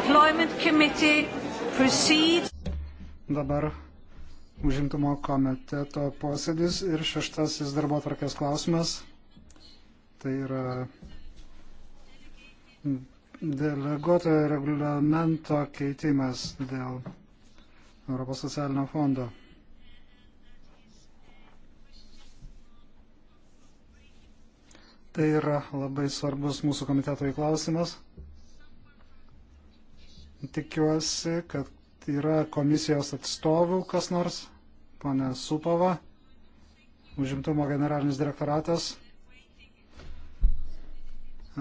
Employment Committee proceeds. Dabar užimtumo komiteto posėdis ir šeštasis darbo tvarkės klausimas. Tai yra deleguotojo reglamento keitimas dėl Europos socialinio fondo. Tai yra labai svarbus mūsų komiteto įklausimas. Tikiuosi, kad yra komisijos atstovų kas nors, ponė Supova, užimtumo generalinis direktoratas.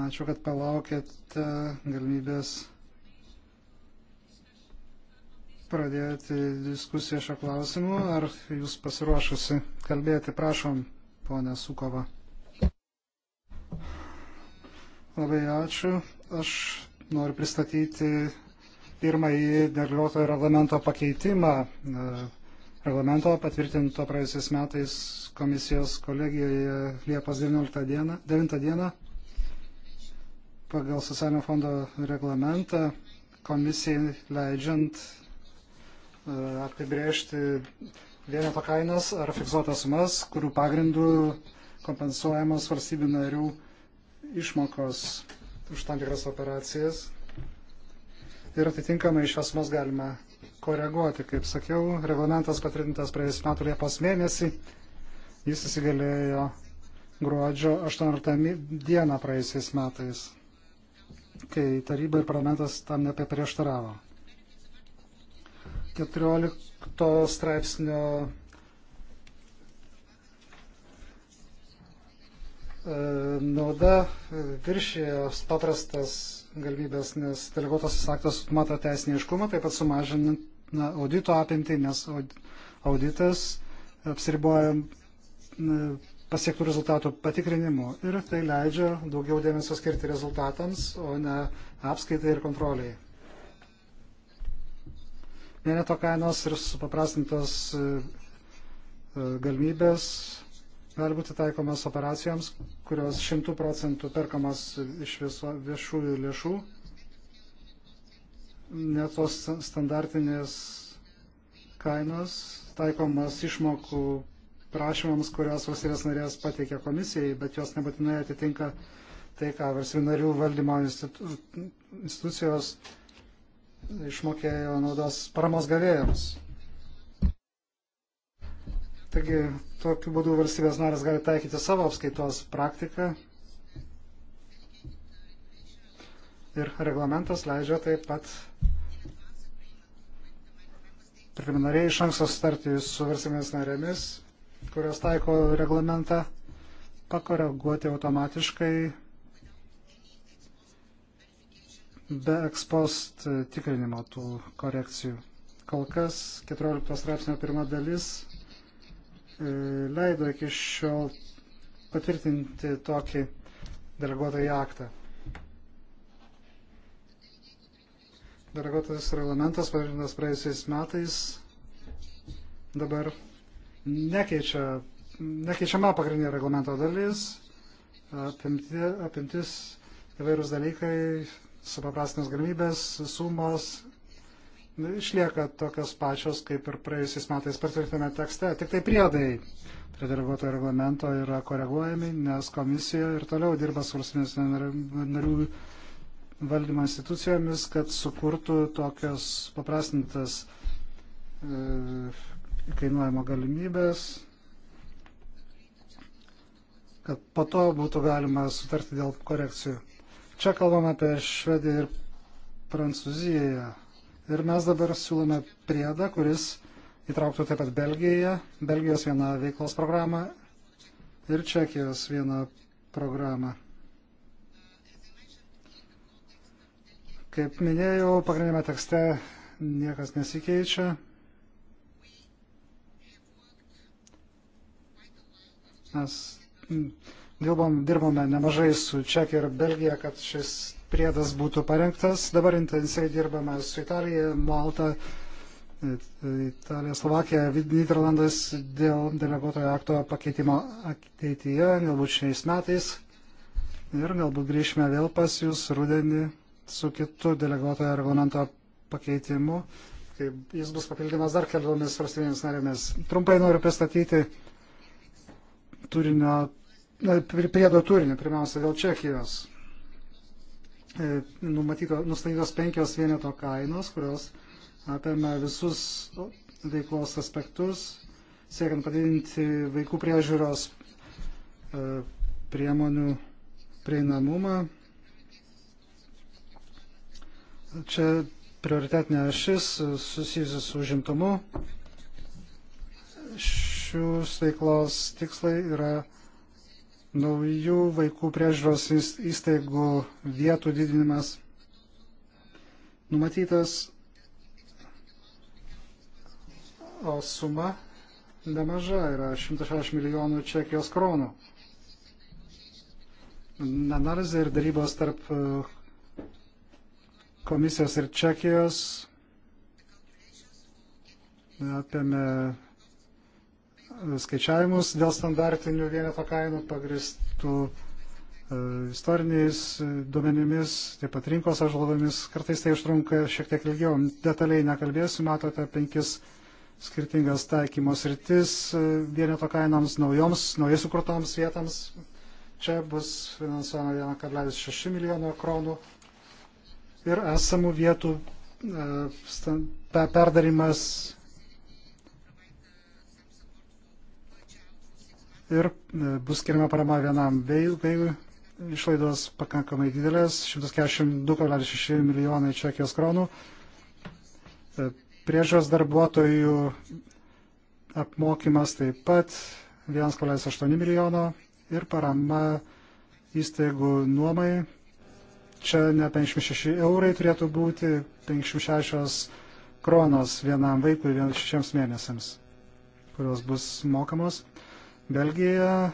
Ačiū, kad palaukėte galimybės pradėti diskusiją šio klausimu. Ar jūs pasiruošusi kalbėti? Prašom, ponė Sukova. Labai ačiū. Aš noriu pristatyti pirmąjį deleguotojo reglamento pakeitimą, e, reglamento patvirtinto praėjusiais metais komisijos kolegijoje Liepos 19 dieną, 9 dieną. Pagal socialinio fondo reglamentą komisijai leidžiant e, apibriežti vieneto kainas ar fiksuotas sumas, kurių pagrindų kompensuojamos valstybių narių išmokos už tam tikras operacijas ir atitinkamai šios mus galima koreguoti. Kaip sakiau, reglamentas patvirtintas praėjus metų Liepos mėnesį, jis įsigalėjo gruodžio 18 dieną praėjusiais metais, kai taryba ir parlamentas tam nepaprieštaravo. 14 straipsnio e, nauda viršėjo paprastas galimybės, nes deleguotasis aktas mato teisinį iškumą, taip pat sumažina audito apimtį, nes auditas apsiriboja pasiektų rezultatų patikrinimu ir tai leidžia daugiau dėmesio skirti rezultatams, o ne apskaitai ir kontroliai. Vieneto kainos ir supaprastintos e, e, galimybės gali būti taikomas operacijoms, kurios šimtų procentų perkamas iš viso, viešųjų lėšų, net tos standartinės kainos taikomas išmokų prašymams, kurios valstybės narės pateikia komisijai, bet jos nebūtinai atitinka tai, ką valstybių narių valdymo institu, institucijos išmokėjo naudos paramos gavėjams. Taigi, tokiu būdu valstybės narės gali taikyti savo apskaitos praktiką ir reglamentas leidžia taip pat preliminariai iš anksto sutarti su valstybės narėmis, kurios taiko reglamentą, pakoreguoti automatiškai be ekspost tikrinimo tų korekcijų. Kol kas 14 straipsnio pirma dalis E, leido iki šiol patvirtinti tokį deleguotąjį aktą. Deleguotas reglamentas patvirtintas praėjusiais metais dabar nekeičia, nekeičiama pagrindinė reglamento dalis, apimti, apimtis įvairūs dalykai, supaprastinės galimybės, sumos, išlieka tokios pačios, kaip ir praėjusiais metais patvirtame tekste. Tik tai priedai prie darbuotojo reglamento yra koreguojami, nes komisija ir toliau dirba su valstybės narių valdymo institucijomis, kad sukurtų tokias paprastintas e, kainuojimo galimybės, kad po to būtų galima sutarti dėl korekcijų. Čia kalbam apie Švediją ir Prancūziją Ir mes dabar siūlome priedą, kuris įtrauktų taip pat Belgiją, Belgijos vieną veiklos programą ir Čekijos vieną programą. Kaip minėjau, pagrindinėme tekste niekas nesikeičia. Mes mm, dirbom, dirbome nemažai su Čekija ir Belgija, kad šis priedas būtų parengtas. Dabar intensyviai dirbame su Italija, Malta, Italija, Slovakija, Niderlandas dėl deleguotojo akto pakeitimo ateityje, galbūt šiais metais. Ir galbūt grįšime vėl pas jūs rudenį su kitu deleguotojo reglamento pakeitimu, kai jis bus papildymas dar keliomis valstybėmis narėmis. Trumpai noriu pristatyti turinio, priedo turinį, pirmiausia, dėl Čekijos. E, numatyto, nustatytos penkios vieneto kainos, kurios apima visus veiklos aspektus, siekiant padidinti vaikų priežiūros e, priemonių prieinamumą. Čia prioritetinė ašis susijusi su užimtumu. Šių veiklos tikslai yra naujų vaikų priežiūros įstaigų vietų didinimas numatytas, o suma nemaža yra 160 milijonų čekijos kronų. Analizė ir darybos tarp e, komisijos ir čekijos e, apėmė skaičiavimus dėl standartinių vieneto kainų pagristų e, istoriniais duomenimis, taip pat rinkos apžvalgomis. Kartais tai užtrunka šiek tiek ilgiau. Detaliai nekalbėsiu, matote penkis skirtingas taikymos rytis e, vieneto kainoms naujoms, naujai sukurtoms vietams. Čia bus finansuojama 1,6 milijono kronų ir esamų vietų e, perdarimas ir e, bus skiriama parama vienam veiklai. Išlaidos pakankamai didelės - 142,6 milijonai čekijos kronų. E, Priežios darbuotojų apmokymas taip pat 1,8 milijono ir parama įstaigų nuomai. Čia ne 56 eurai turėtų būti, 56 kronos vienam vaikui šešiems mėnesiams, kurios bus mokamos. Belgija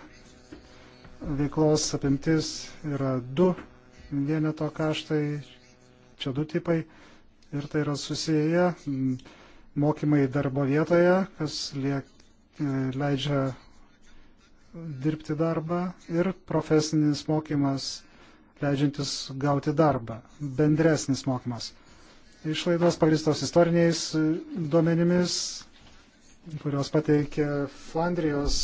veiklos apimtis yra du vieneto kaštai, čia du tipai ir tai yra susiję mokymai darbo vietoje, kas liek, e, leidžia dirbti darbą ir profesinis mokymas leidžiantis gauti darbą, bendresnis mokymas. Išlaidos pagristos istoriniais e, duomenimis, kurios pateikė Flandrijos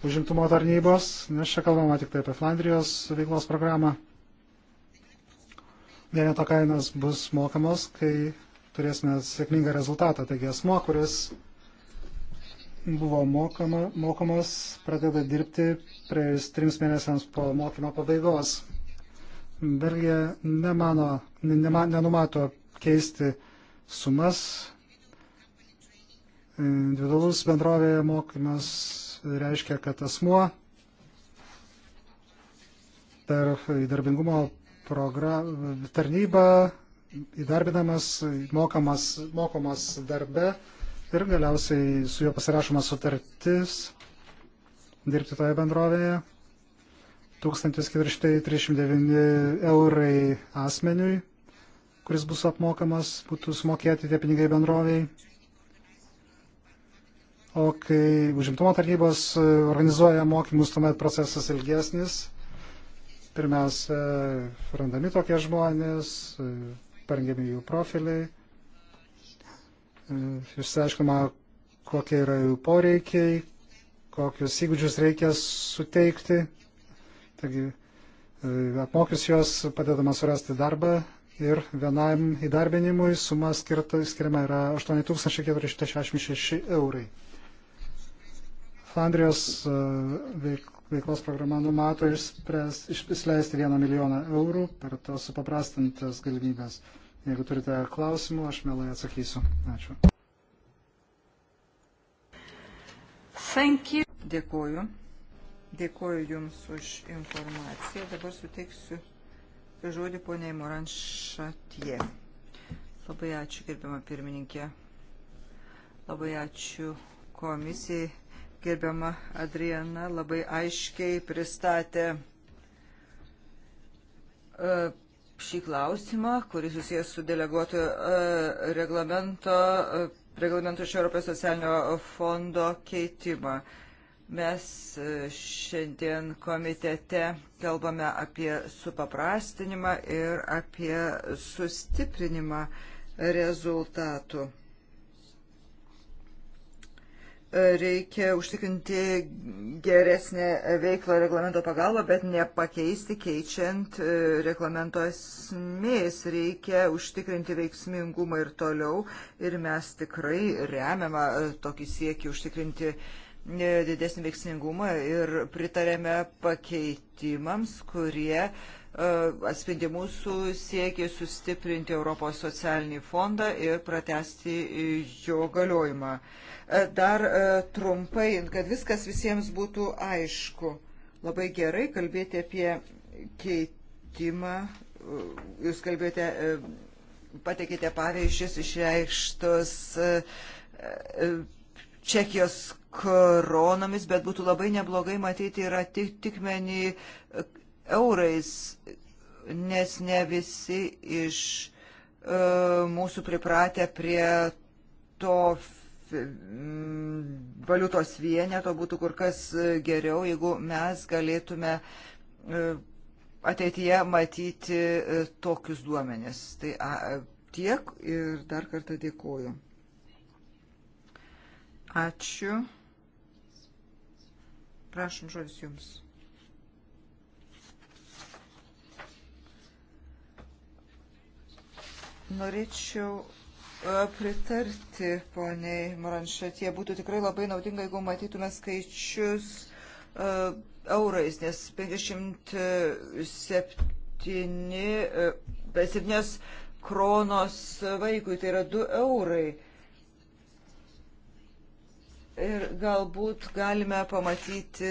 užimtumo tarnybos, nes čia kalbama tik tai apie Flandrijos veiklos programą. Vieneto kainas bus mokamos, kai turėsime sėkmingą rezultatą. Taigi asmo, kuris buvo mokama, mokamas, pradeda dirbti praėjus trims mėnesiams po mokymo pabaigos. Belgija nemano, nema, nenumato keisti sumas. Individualus bendrovėje mokymas reiškia, kad asmuo per įdarbingumo tarnybą įdarbinamas, mokamas, mokomas darbe ir galiausiai su juo pasirašoma sutartis dirbti toje bendrovėje. 1439 eurai asmeniui, kuris bus apmokamas, būtų sumokėti tie pinigai bendroviai. O kai užimtumo tarnybos e, organizuoja mokymus, tuomet procesas ilgesnis. Pirmiausia, randami tokie žmonės, e, parengiami jų profiliai, e, išsiaiškama, kokie yra jų poreikiai, kokius įgūdžius reikia suteikti. Taigi, apmokius juos padedama surasti darbą ir vienam įdarbinimui suma skirta, skiriama yra 8466 eurai. Flandrijos e, veiklos programa numato išspręs, išleisti vieną milijoną eurų per tos supaprastintas galimybės. Jeigu turite klausimų, aš mielai atsakysiu. Ačiū. Dėkuoju. Dėkuoju Jums už informaciją. Dabar suteiksiu žodį poniai Moran Šatie. Labai ačiū, gerbiama pirmininkė. Labai ačiū komisijai gerbiama Adriana labai aiškiai pristatė e, šį klausimą, kuris susijęs su deleguotu e, reglamento, e, reglamento iš Europos socialinio fondo keitimą. Mes šiandien komitete kalbame apie supaprastinimą ir apie sustiprinimą rezultatų reikia užtikrinti geresnę veiklą reglamento pagalba, bet nepakeisti keičiant e, reglamento esmės. Reikia užtikrinti veiksmingumą ir toliau. Ir mes tikrai remiamą e, tokį siekį užtikrinti e, didesnį veiksmingumą ir pritarėme pakeitimams, kurie uh, E, atspindi mūsų siekį sustiprinti Europos socialinį fondą ir pratesti jo galiojimą. E, dar e, trumpai, kad viskas visiems būtų aišku. Labai gerai kalbėti apie keitimą. Jūs kalbėjote, pateikėte pavyzdžius išreikštus Čekijos koronomis, bet būtų labai neblogai matyti ir atitikmenį eurais, nes ne visi iš e, mūsų pripratę prie to valiutos vieneto būtų kur kas geriau, jeigu mes galėtume e, ateityje matyti e, tokius duomenis. Tai a, tiek ir dar kartą dėkoju. Ačiū. Prašom žodis jums. Norėčiau e, pritarti poniai Maranšatie. Būtų tikrai labai naudinga, jeigu matytume skaičius e, eurais, nes 57 7 e, kronos vaikui, tai yra 2 eurai. Ir galbūt galime pamatyti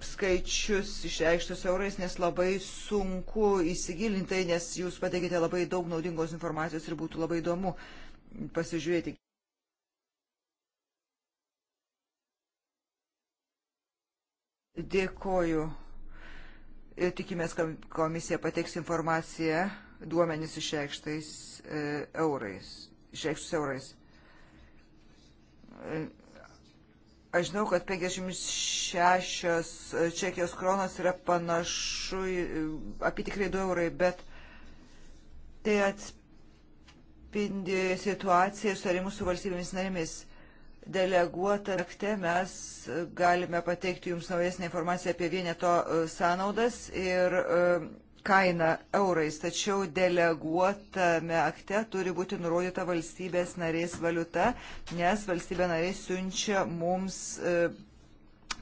skaičius išreikštus eurais, nes labai sunku įsigilinti, nes jūs pateikite labai daug naudingos informacijos ir būtų labai įdomu pasižiūrėti. Dėkoju. Ir tikimės, kad komisija pateiks informaciją duomenys išreikštais e, eurais. Išreikštus eurais e, Aš žinau, kad 56 e, čekijos kronos yra panašu, e, apitikrai 2 eurai, bet tai atspindi situaciją su arimu su valstybėmis narėmis. Deleguotą akte mes galime pateikti jums naujesnį informaciją apie vieneto e, sąnaudas ir kainą eurais, tačiau deleguotame akte turi būti nurodyta valstybės narės valiuta, nes valstybė narė siunčia mums e,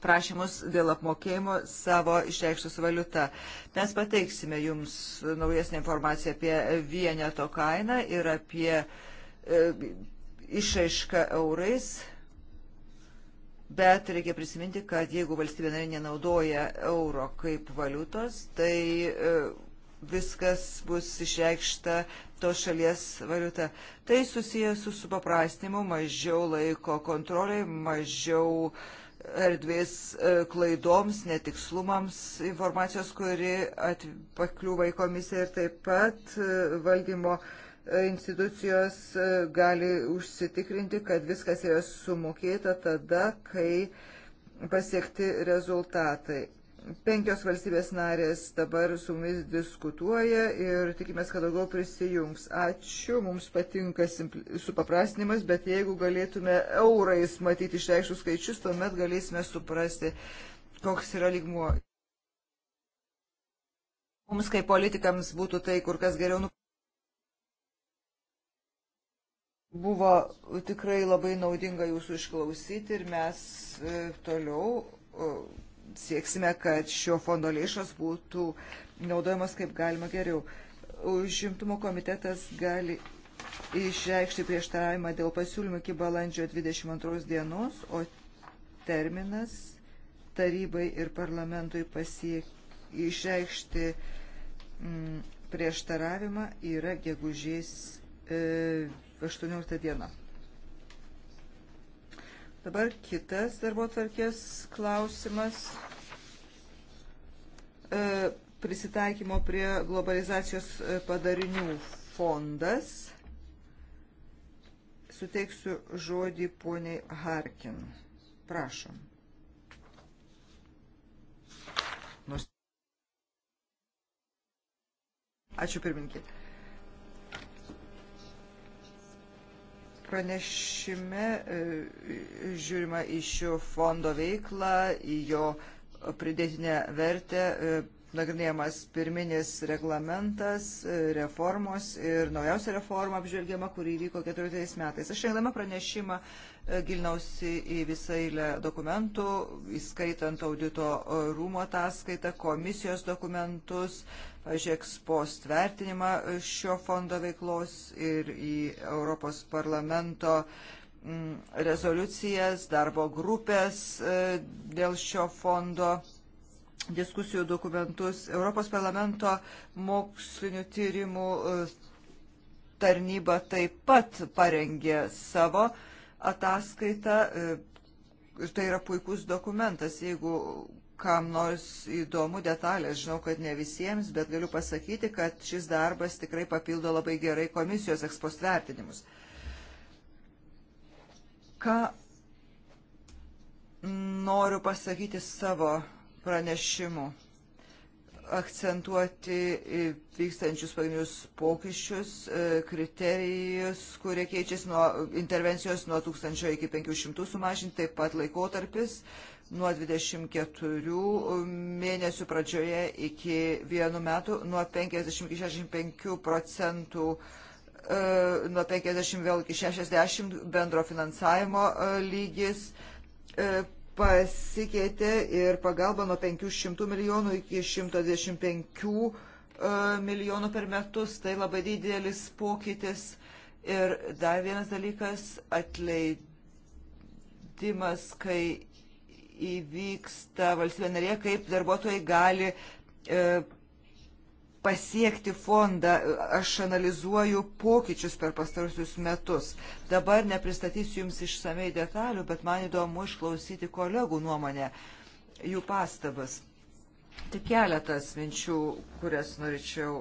prašymus dėl apmokėjimo savo išreikštus valiutą. Mes pateiksime jums naujasnį informaciją apie vieneto kainą ir apie e, išaišką eurais Bet reikia prisiminti, kad jeigu valstybė narė nenaudoja euro kaip valiutos, tai e, viskas bus išreikšta tos šalies valiuta. Tai susijęs su supaprastinimu, mažiau laiko kontroliai, mažiau e, erdvės e, klaidoms, netikslumams informacijos, kuri pakliūva į komisiją ir taip pat valdymo uh, institucijos e, gali užsitikrinti, kad viskas yra sumokėta tada, kai pasiekti rezultatai. Penkios valstybės narės dabar su mumis diskutuoja ir tikimės, kad daugiau prisijungs. Ačiū, mums patinka supaprastinimas, bet jeigu galėtume eurais matyti išreikštus skaičius, tuomet galėsime suprasti, koks yra lygmuo. Mums kaip politikams būtų tai kur kas geriau. Nu- Buvo tikrai labai naudinga jūsų išklausyti ir mes e, toliau sieksime, kad šio fondo lėšas būtų naudojamas kaip galima geriau. Užimtumo komitetas gali išreikšti prieštaravimą dėl pasiūlymų iki balandžio 22 dienos, o terminas tarybai ir parlamentui pasiek, išreikšti m, mm, prieštaravimą yra gegužės. E, 18 dieną. Dabar kitas darbo tvarkės klausimas. E, prisitaikymo prie globalizacijos e, padarinių fondas. Suteiksiu žodį poniai Harkin. Prašom. Ačiū pirminkite. Pranešime e, žiūrima į šio fondo veiklą, į jo pridėtinę vertę, e, nagrinėjamas pirminis reglamentas, e, reformos ir naujausia reforma apžvelgiama, kuri įvyko 14 metais. Aš rengdama pranešimą e, gilinausi į visą eilę dokumentų, įskaitant audito e, rūmo ataskaitą, komisijos dokumentus, pažiūrėks post vertinimą šio fondo veiklos ir į Europos parlamento rezoliucijas, darbo grupės dėl šio fondo diskusijų dokumentus, Europos parlamento mokslinių tyrimų e, tarnyba taip pat parengė savo ataskaitą e, ir tai yra puikus dokumentas, jeigu kam nors įdomu detalės, žinau, kad ne visiems, bet galiu pasakyti, kad šis darbas tikrai papildo labai gerai komisijos ekspost vertinimus. Ką noriu pasakyti savo pranešimų akcentuoti vykstančius pagrindinius pokyčius, e, kriterijus, kurie keičiasi nuo intervencijos nuo 1000 iki 500 sumažinti, taip pat laikotarpis nuo 24 mėnesių pradžioje iki vienų metų, nuo 50 iki 65 procentų, e, nuo 50 vėl iki 60 bendro finansavimo e, lygis pasikeitė ir pagalba nuo 500 milijonų iki 125 e, milijonų per metus. Tai labai didelis pokytis. Ir dar vienas dalykas - atleidimas, kai įvyksta valstybė narė, kaip darbuotojai gali e, pasiekti fondą. Aš analizuoju pokyčius per pastarusius metus. Dabar nepristatysiu Jums išsamei detalių, bet man įdomu išklausyti kolegų nuomonę, jų pastabas. Tik keletas minčių, kurias norėčiau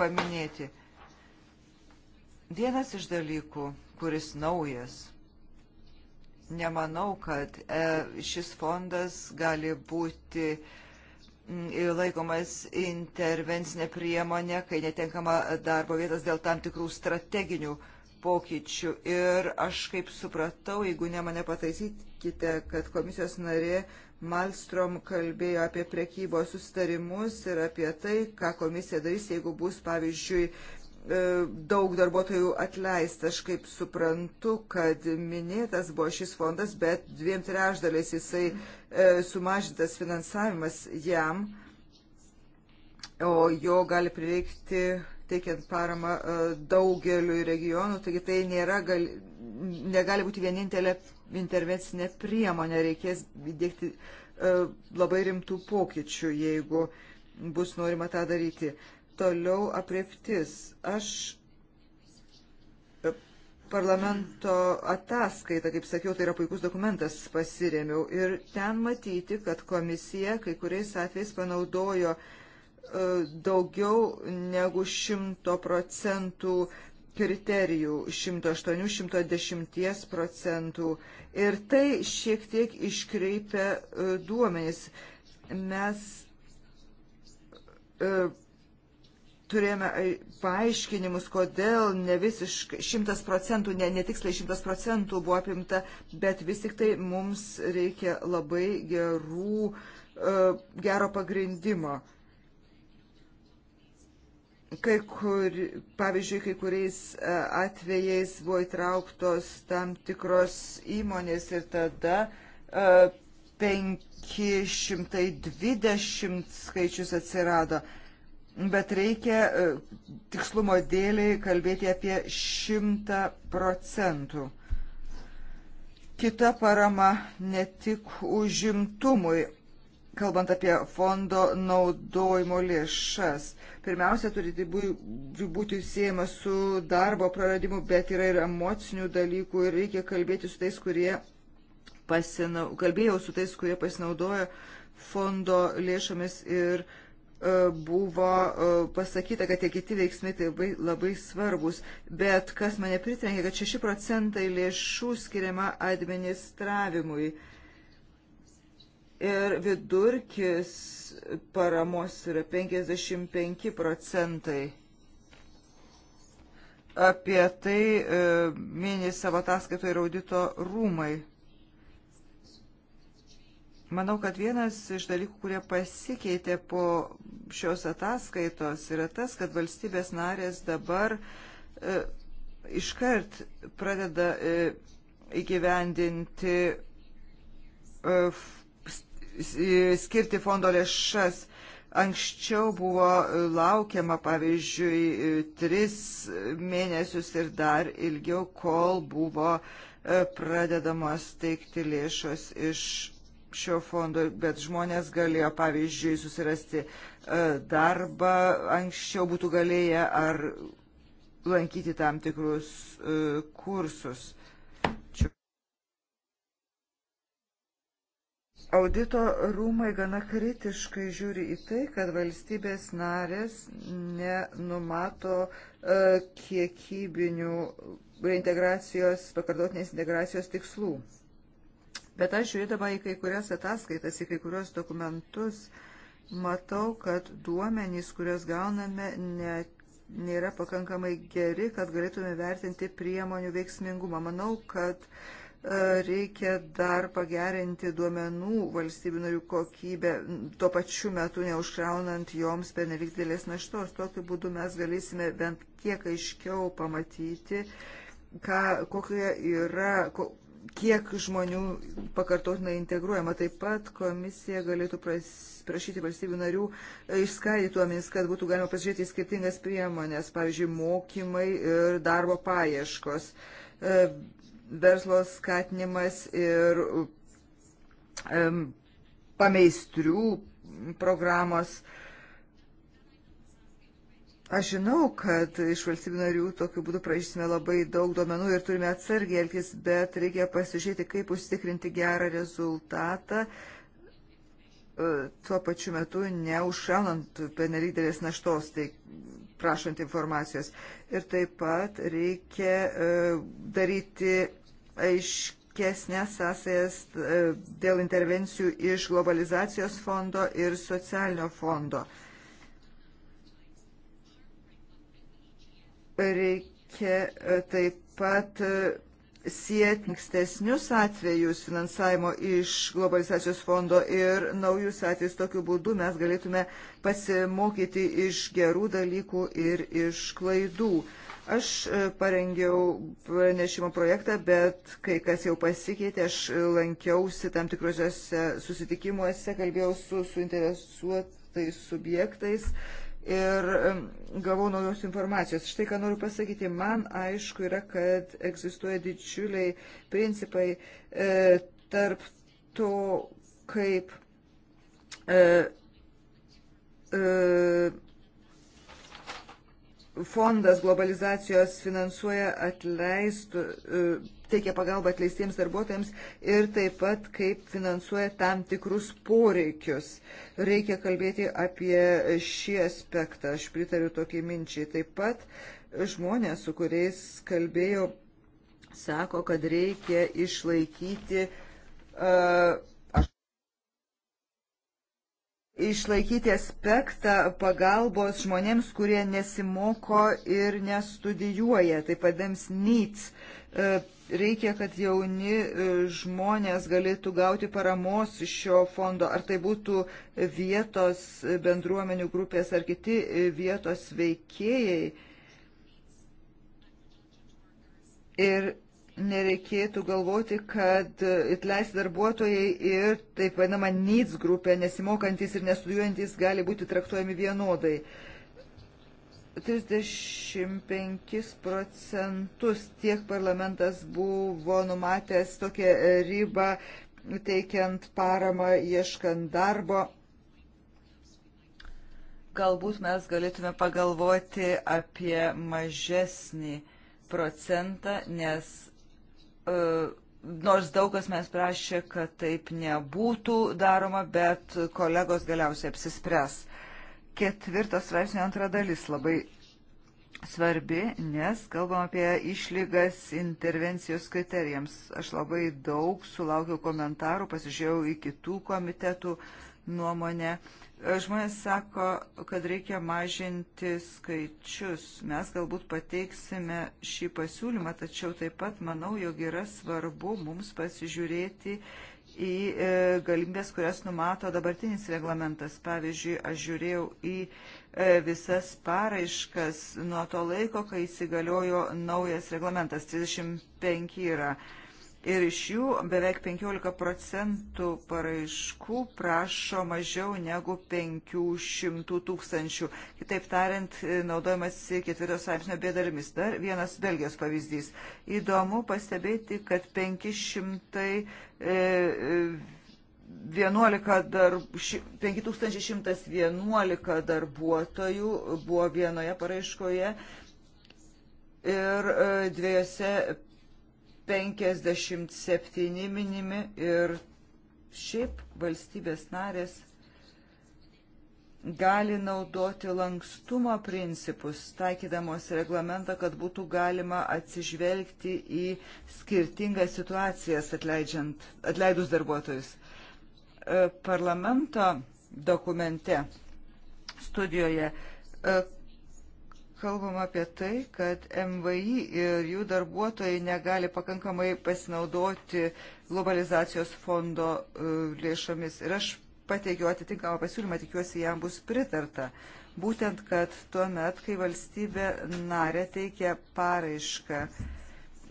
paminėti. Vienas iš dalykų, kuris naujas nemanau, kad e, šis fondas gali būti laikomas intervencinė priemonė, kai netenkama darbo vietas dėl tam tikrų strateginių pokyčių. Ir aš kaip supratau, jeigu ne mane pataisykite, kad komisijos narė Malstrom kalbėjo apie prekybos sustarimus ir apie tai, ką komisija darys, jeigu bus, pavyzdžiui, E, daug darbuotojų atleista. Aš kaip suprantu, kad minėtas buvo šis fondas, bet dviem trešdaliais jisai e, sumažintas finansavimas jam, o jo gali prireikti teikiant paramą e, daugeliu regionų, taigi tai nėra, gal, negali būti vienintelė intervencinė priemonė, reikės įdėkti labai rimtų pokyčių, jeigu bus norima tą daryti. Toliau apriptis. Aš e, parlamento ataskaita, kaip sakiau, tai yra puikus dokumentas, pasiremiau. Ir ten matyti, kad komisija kai kuriais atvejais panaudojo e, daugiau negu 100 procentų kriterijų, 108-110 procentų. Ir tai šiek tiek iškreipia e, duomenys. Mes turėjome paaiškinimus, kodėl ne visiškai šimtas procentų, ne, netiksliai šimtas procentų buvo apimta, bet vis tik tai mums reikia labai gerų, e, gero pagrindimo. Kai kur, pavyzdžiui, kai kuriais e, atvejais buvo įtrauktos tam tikros įmonės ir tada 520 e, skaičius atsirado bet reikia e, tikslumo dėliai kalbėti apie 100 procentų. Kita parama ne tik užimtumui, kalbant apie fondo naudojimo lėšas. Pirmiausia, tai turi būti siejama su darbo praradimu, bet yra ir emocinių dalykų ir reikia kalbėti su tais, kurie pasinau... kalbėjau su tais, kurie pasinaudojo fondo lėšomis ir uh, buvo e, pasakyta, kad tie kiti veiksmai tai labai svarbus, bet kas mane pritrenkė, kad 6 procentai lėšų skiriama administravimui. Ir vidurkis paramos yra 55 procentai. Apie tai e, mini savo ataskaitoje ir audito rūmai. Manau, kad vienas iš dalykų, kurie pasikeitė po šios ataskaitos, yra tas, kad valstybės narės dabar e, iškart pradeda e, įgyvendinti, e, e skirti fondo lėšas. Anksčiau buvo e, laukiama, pavyzdžiui, e, tris mėnesius ir dar ilgiau, kol buvo pradedamos teikti lėšos iš šio fondo, bet žmonės galėjo, pavyzdžiui, susirasti e, darbą, anksčiau būtų galėję ar lankyti tam tikrus e, kursus. Audito rūmai gana kritiškai žiūri į tai, kad valstybės narės nenumato e, kiekybinių reintegracijos, pakartotinės integracijos tikslų. Bet aš žiūrėdama į kai kurias ataskaitas, į kai kurios dokumentus, matau, kad duomenys, kuriuos gauname, ne, nėra pakankamai geri, kad galėtume vertinti priemonių veiksmingumą. Manau, kad e, reikia dar pagerinti duomenų valstybių narių kokybę, tuo pačiu metu neužkraunant joms penelik dėlės naštos. Tokiu būdu mes galėsime bent kiek aiškiau pamatyti, ką, kokia yra, ko, kiek žmonių pakartotinai integruojama. Taip pat komisija galėtų prašyti valstybių narių e, išskaidyti duomenys, kad būtų galima pasižiūrėti į skirtingas priemonės, pavyzdžiui, mokymai ir darbo paieškos, e, verslo skatinimas ir pameistrių programos Aš žinau, kad iš valstybių narių tokiu būdu prašysime labai daug duomenų ir turime atsargiai elgtis, bet reikia pasižiūrėti, kaip užtikrinti gerą rezultatą, e, tuo pačiu metu neužšalant penelydelės naštos, tai prašant informacijos. Ir taip pat reikia e, daryti aiškesnės sąsajas e, dėl intervencijų iš globalizacijos fondo ir socialinio fondo Reikia e, taip pat e, sieti ankstesnius atvejus finansavimo iš globalizacijos fondo ir naujus atvejus. Tokiu būdu mes galėtume pasimokyti iš gerų dalykų ir iš klaidų. Aš e, parengiau pranešimo projektą, bet kai kas jau pasikeitė, aš lankiausi tam tikrose susitikimuose, kalbėjau su suinteresuotais subjektais ir gavau naujos informacijos. Štai ką noriu pasakyti. Man aišku yra, kad egzistuoja didžiuliai principai e, tarp to, kaip e, e, fondas globalizacijos finansuoja atleistų, e, teikia pagalbą atleistiems darbuotojams ir taip pat kaip finansuoja tam tikrus poreikius. Reikia kalbėti apie šį aspektą, aš pritariu tokiai minčiai. Taip pat žmonės, su kuriais kalbėjau, sako, kad reikia išlaikyti uh, išlaikyti aspektą pagalbos žmonėms, kurie nesimoko ir nestudijuoja, taip vadams NEETS. E, reikia, kad jauni e, žmonės galėtų gauti paramos iš šio fondo, ar tai būtų vietos bendruomenių grupės ar kiti e, vietos veikėjai. Ir nereikėtų galvoti, kad atleisti darbuotojai ir taip vadinama needs grupė, nesimokantis ir nestudijuojantis, gali būti traktuojami vienodai. 35 procentus tiek parlamentas buvo numatęs tokią ribą, teikiant paramą, ieškant darbo galbūt mes galėtume pagalvoti apie mažesnį procentą, nes E, nors daug kas mes prašė, kad taip nebūtų daroma, bet kolegos galiausiai apsispręs. Ketvirtas straipsnio antra dalis labai svarbi, nes kalbam apie išlygas intervencijos kriterijams. Aš labai daug sulaukiau komentarų, pasižiūrėjau į kitų komitetų nuomonę. Uh, Žmonės sako, kad reikia mažinti skaičius. Mes galbūt pateiksime šį pasiūlymą, tačiau taip pat manau, jog yra svarbu mums pasižiūrėti į e, galimybės, kurias numato dabartinis reglamentas. Pavyzdžiui, aš žiūrėjau į e, visas paraiškas nuo to laiko, kai įsigaliojo naujas reglamentas 35 yra ir iš jų beveik 15 procentų paraiškų prašo mažiau negu 500 tūkstančių. Kitaip tariant, e, naudojamasi ketvirtos straipsnio bėdalimis. Dar vienas Belgijos pavyzdys. Įdomu pastebėti, kad 500. E, e 11 darb, 5111 darbuotojų buvo vienoje paraiškoje ir e, dviejose 57 minimi ir šiaip valstybės narės gali naudoti lankstumo principus, taikydamos reglamentą, kad būtų galima atsižvelgti į skirtingas situacijas atleidus darbuotojus. E, parlamento dokumente studijoje e, kalbama apie tai, kad MVI ir jų darbuotojai negali pakankamai pasinaudoti globalizacijos fondo e, lėšomis. Ir aš pateikiau atitinkamą pasiūlymą, tikiuosi, jam bus pritarta. Būtent, kad tuo met, kai valstybė narė teikia paraišką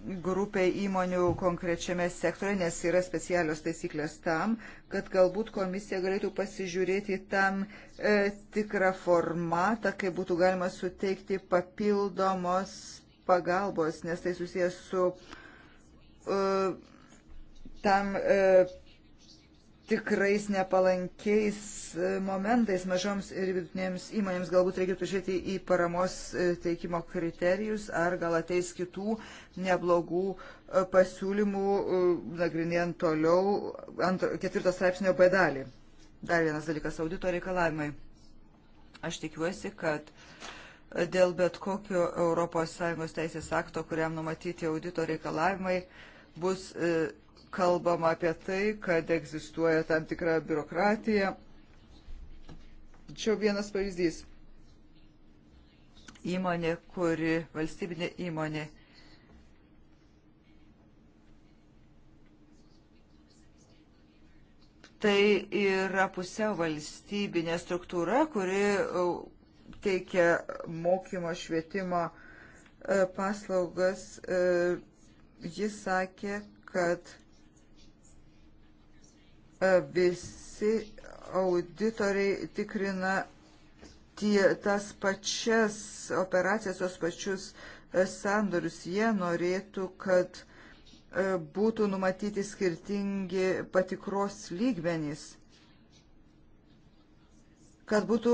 grupė įmonių konkrečiame sektorė, nes yra specialios taisyklės tam, kad galbūt komisija galėtų pasižiūrėti tam e, tikrą formatą, kaip būtų galima suteikti papildomos pagalbos, nes tai susijęs su e, tam e, tikrais nepalankiais e, momentais mažoms ir vidutinėms įmonėms. Galbūt reikėtų žiūrėti į paramos e, teikimo kriterijus, ar gal ateis kitų neblogų e, pasiūlymų, nagrinėjant toliau antro, ketvirtos straipsnio B dalį. Dar vienas dalykas - audito reikalavimai. Aš tikiuosi, kad dėl bet kokio ES teisės akto, kuriam numatyti audito reikalavimai, bus kalbama apie tai, kad egzistuoja tam tikra biurokratija. Čia vienas pavyzdys. Įmonė, kuri, valstybinė įmonė, tai yra pusiau valstybinė struktūra, kuri e, teikia mokymo, švietimo e, paslaugas. E, Jis sakė, kad visi auditoriai tikrina tie, tas pačias operacijas, tos pačius e, sandorius. Jie norėtų, kad e, būtų numatyti skirtingi patikros lygmenys, kad būtų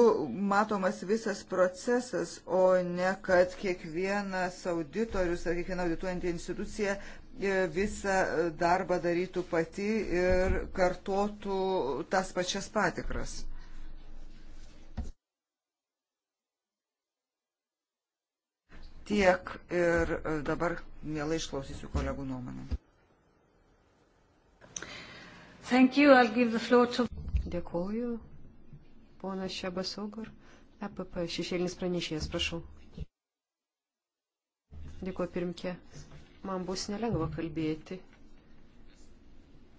matomas visas procesas, o ne kad kiekvienas auditorius ar kiekviena audituojanti institucija E, visą darbą darytų pati ir kartotų tas pačias patikras. Tiek ir dabar mielai išklausysiu kolegų nuomonę. To... Dėkuoju, ponas Šebasogar, EPP šešėlinis pranešėjas, prašau. Dėkuoju, pirmkė man bus nelengva kalbėti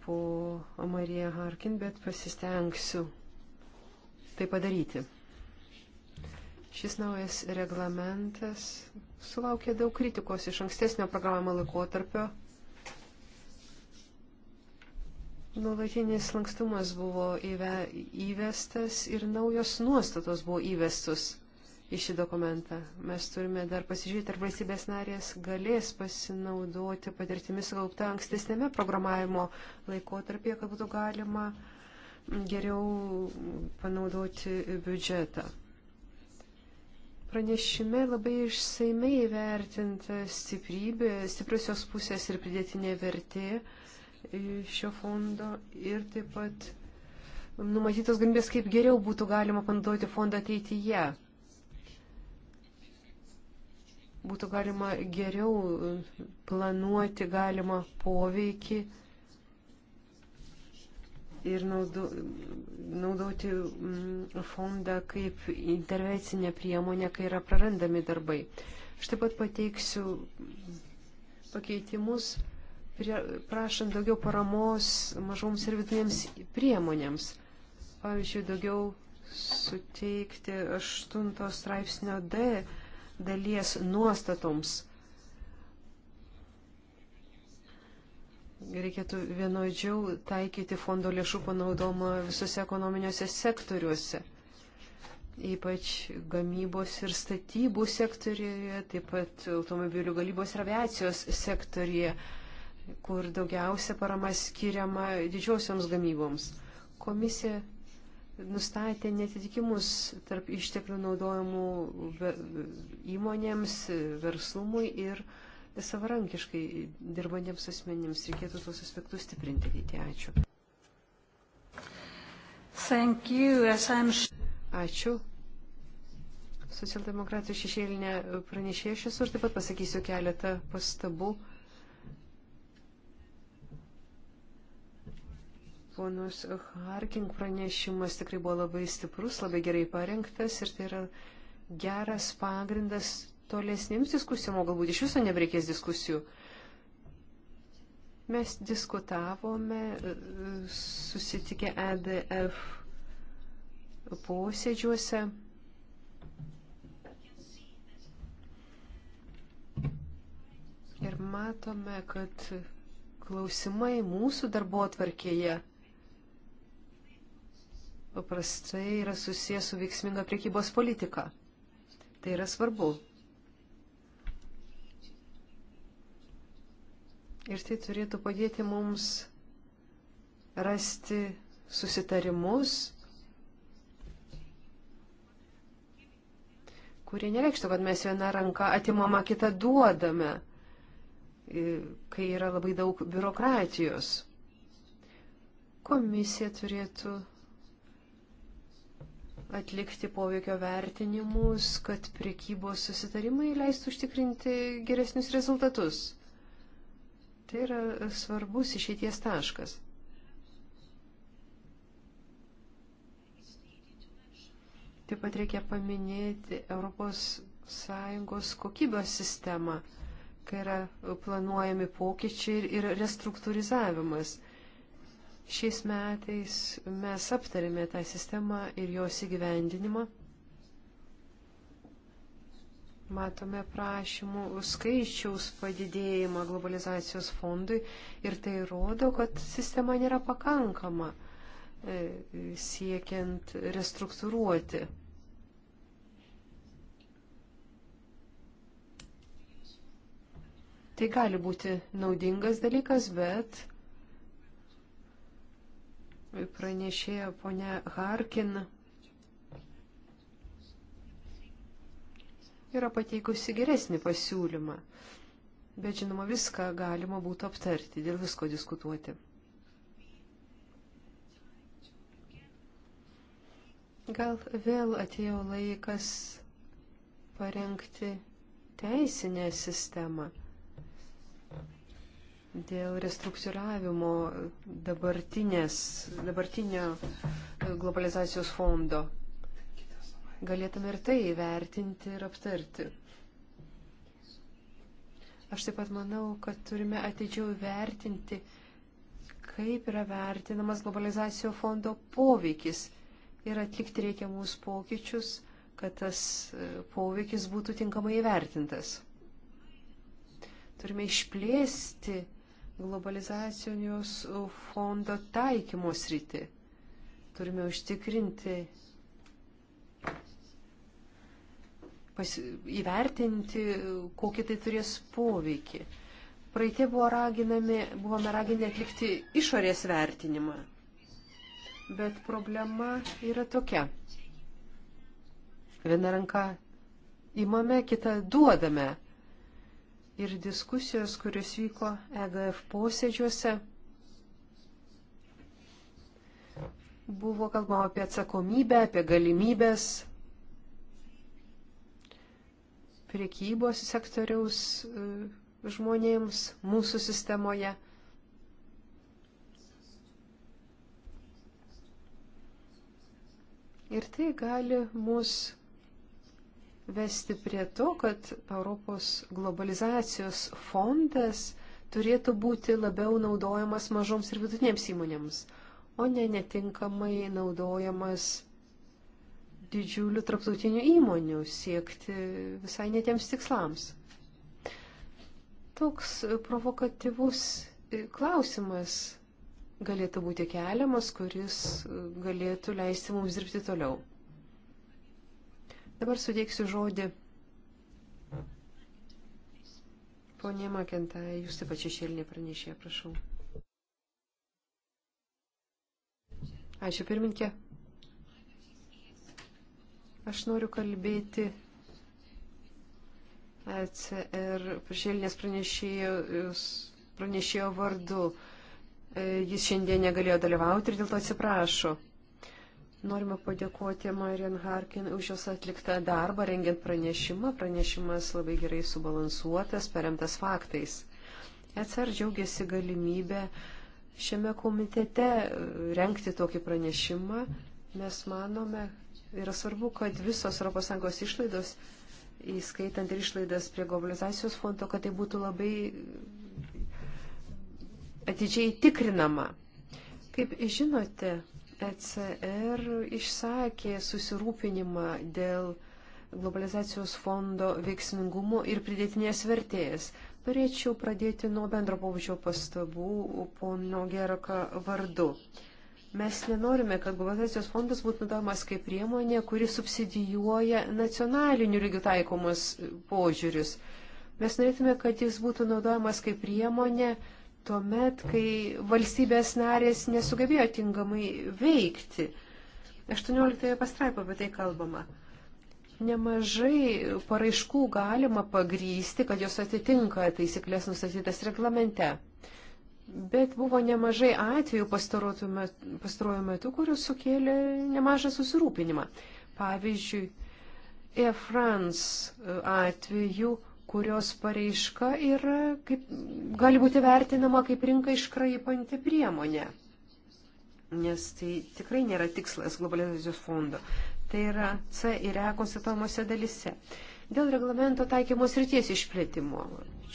po Mariją Harkin, bet pasistengsiu tai padaryti. Šis naujas reglamentas sulaukė daug kritikos iš ankstesnio programavimo laikotarpio. Nuolatinis lankstumas buvo įve, įvestas ir naujos nuostatos buvo įvestus į šį dokumentą. Mes turime dar pasižiūrėti, ar valstybės narės galės pasinaudoti patirtimis sukaupta ankstesnėme programavimo laikotarpyje, kad būtų galima geriau panaudoti biudžetą. Pranešime labai išsaimei įvertinta stiprybė, stipriosios pusės ir pridėtinė vertė šio fondo ir taip pat numatytos galimybės, kaip geriau būtų galima panaudoti fondą ateityje būtų galima geriau e, planuoti galimą poveikį ir naudo, naudoti mm, fondą kaip intervencinę priemonę, kai yra prarandami darbai. Aš taip pat pateiksiu pakeitimus, prie, prašant daugiau paramos mažoms ir vidinėms priemonėms. Pavyzdžiui, daugiau suteikti 8 straipsnio D dalies nuostatoms. Reikėtų vienodžiau taikyti fondo lėšų panaudojimą visose ekonominiuose sektoriuose, ypač gamybos ir statybų sektorijoje, taip pat automobilių galybos ir aviacijos sektorijoje, kur daugiausia parama skiriama didžiosioms gamyboms. Komisija nustatė netitikimus tarp išteklių naudojimų įmonėms, verslumui ir savarankiškai dirbantiems asmenims. Reikėtų tuos aspektus stiprinti. Dėti. Ačiū. Thank you, Ačiū. Socialdemokratų šešėlinė pranešėja šis ir taip pat pasakysiu keletą pastabų Ponos Harking pranešimas tikrai buvo labai stiprus, labai gerai parengtas ir tai yra geras pagrindas tolesnėms diskusijom, o galbūt iš viso nebereikės diskusijų. Mes diskutavome e, susitikę EDF posėdžiuose. Ir matome, kad klausimai mūsų darbo atvarkėje paprastai yra susijęs su veiksminga priekybos politika. Tai yra svarbu. Ir tai turėtų padėti mums rasti susitarimus, kurie nereikštų, kad mes vieną ranką atimamą kitą duodame, kai yra labai daug biurokratijos. Komisija turėtų atlikti poveikio vertinimus, kad priekybos susitarimai leistų užtikrinti geresnius rezultatus. Tai yra svarbus išeities taškas. Taip pat reikia paminėti ES kokybės sistemą, kai yra planuojami pokyčiai ir restruktūrizavimas. Šiais metais mes aptarėme tą sistemą ir jos įgyvendinimą. Matome prašymų skaičiaus padidėjimą globalizacijos fondui ir tai rodo, kad sistema nėra pakankama e, siekiant restruktūruoti. Tai gali būti naudingas dalykas, bet pranešėja ponia Harkin yra pateikusi geresnį pasiūlymą, bet žinoma, viską galima būtų aptarti, dėl visko diskutuoti. Gal vėl atėjo laikas parengti teisinę sistemą dėl restruktūravimo dabartinio globalizacijos fondo. Galėtume ir tai įvertinti ir aptarti. Aš taip pat manau, kad turime atidžiau vertinti, kaip yra vertinamas globalizacijos fondo poveikis ir atlikti reikiamus pokyčius, kad tas e, poveikis būtų tinkamai įvertintas. Turime išplėsti globalizacijos fondo taikymo sritį. Turime užtikrinti, pas, įvertinti, kokį tai turės poveikį. Praeitie buvo raginami, buvome raginami atlikti išorės vertinimą. Bet problema yra tokia. Viena ranka imame, kitą duodame ir diskusijos, kurios vyko EGF posėdžiuose, buvo kalbama apie atsakomybę, apie galimybės priekybos sektoriaus e, žmonėms mūsų sistemoje. Ir tai gali mus vesti prie to, kad Europos globalizacijos fondas turėtų būti labiau naudojamas mažoms ir vidutinėms įmonėms, o ne netinkamai naudojamas didžiulių tarptautinių įmonių siekti visai netiems tikslams. Toks provokatyvus klausimas galėtų būti keliamas, kuris galėtų leisti mums dirbti toliau. Dabar suteiksiu žodį. Pone Makenta, jūs taip pat šešėlinė pranešė, prašau. Ačiū pirminkė. Aš noriu kalbėti ECR šešėlinės pranešėjo vardu. E, jis šiandien negalėjo dalyvauti ir dėl to atsiprašo. Norime padėkoti Marian Harkin už jos atliktą darbą, rengiant pranešimą. Pranešimas labai gerai subalansuotas, paremtas faktais. ECR džiaugiasi galimybę šiame komitete renkti tokį pranešimą. Mes manome, yra svarbu, kad visos ES išlaidos, įskaitant ir išlaidas prie globalizacijos fondo, kad tai būtų labai atidžiai tikrinama. Kaip žinote, ECR išsakė susirūpinimą dėl globalizacijos fondo veiksmingumo ir pridėtinės vertės. Norėčiau pradėti nuo bendro pobūdžio pastabų pono Geraka vardu. Mes nenorime, kad globalizacijos fondas būtų naudojamas kaip priemonė, kuri subsidijuoja nacionalinių lygių taikomus požiūrius. Mes norėtume, kad jis būtų naudojamas kaip priemonė, tuomet, kai valstybės narės nesugebėjo tinkamai veikti. 18 pastraipą apie tai kalbama. Nemažai paraiškų galima pagrysti, kad jos atitinka taisyklės nustatytas reglamente. Bet buvo nemažai atvejų pastaruoju metu, kurios sukėlė nemažą susirūpinimą. Pavyzdžiui, Air e France atveju kurios pareiška yra, kaip, gali būti vertinama kaip rinka iškraipanti priemonė. Nes tai tikrai nėra tikslas globalizacijos fondo. Tai yra C ir E konstatuojamose dalise. Dėl reglamento taikymos ryties išplėtimo.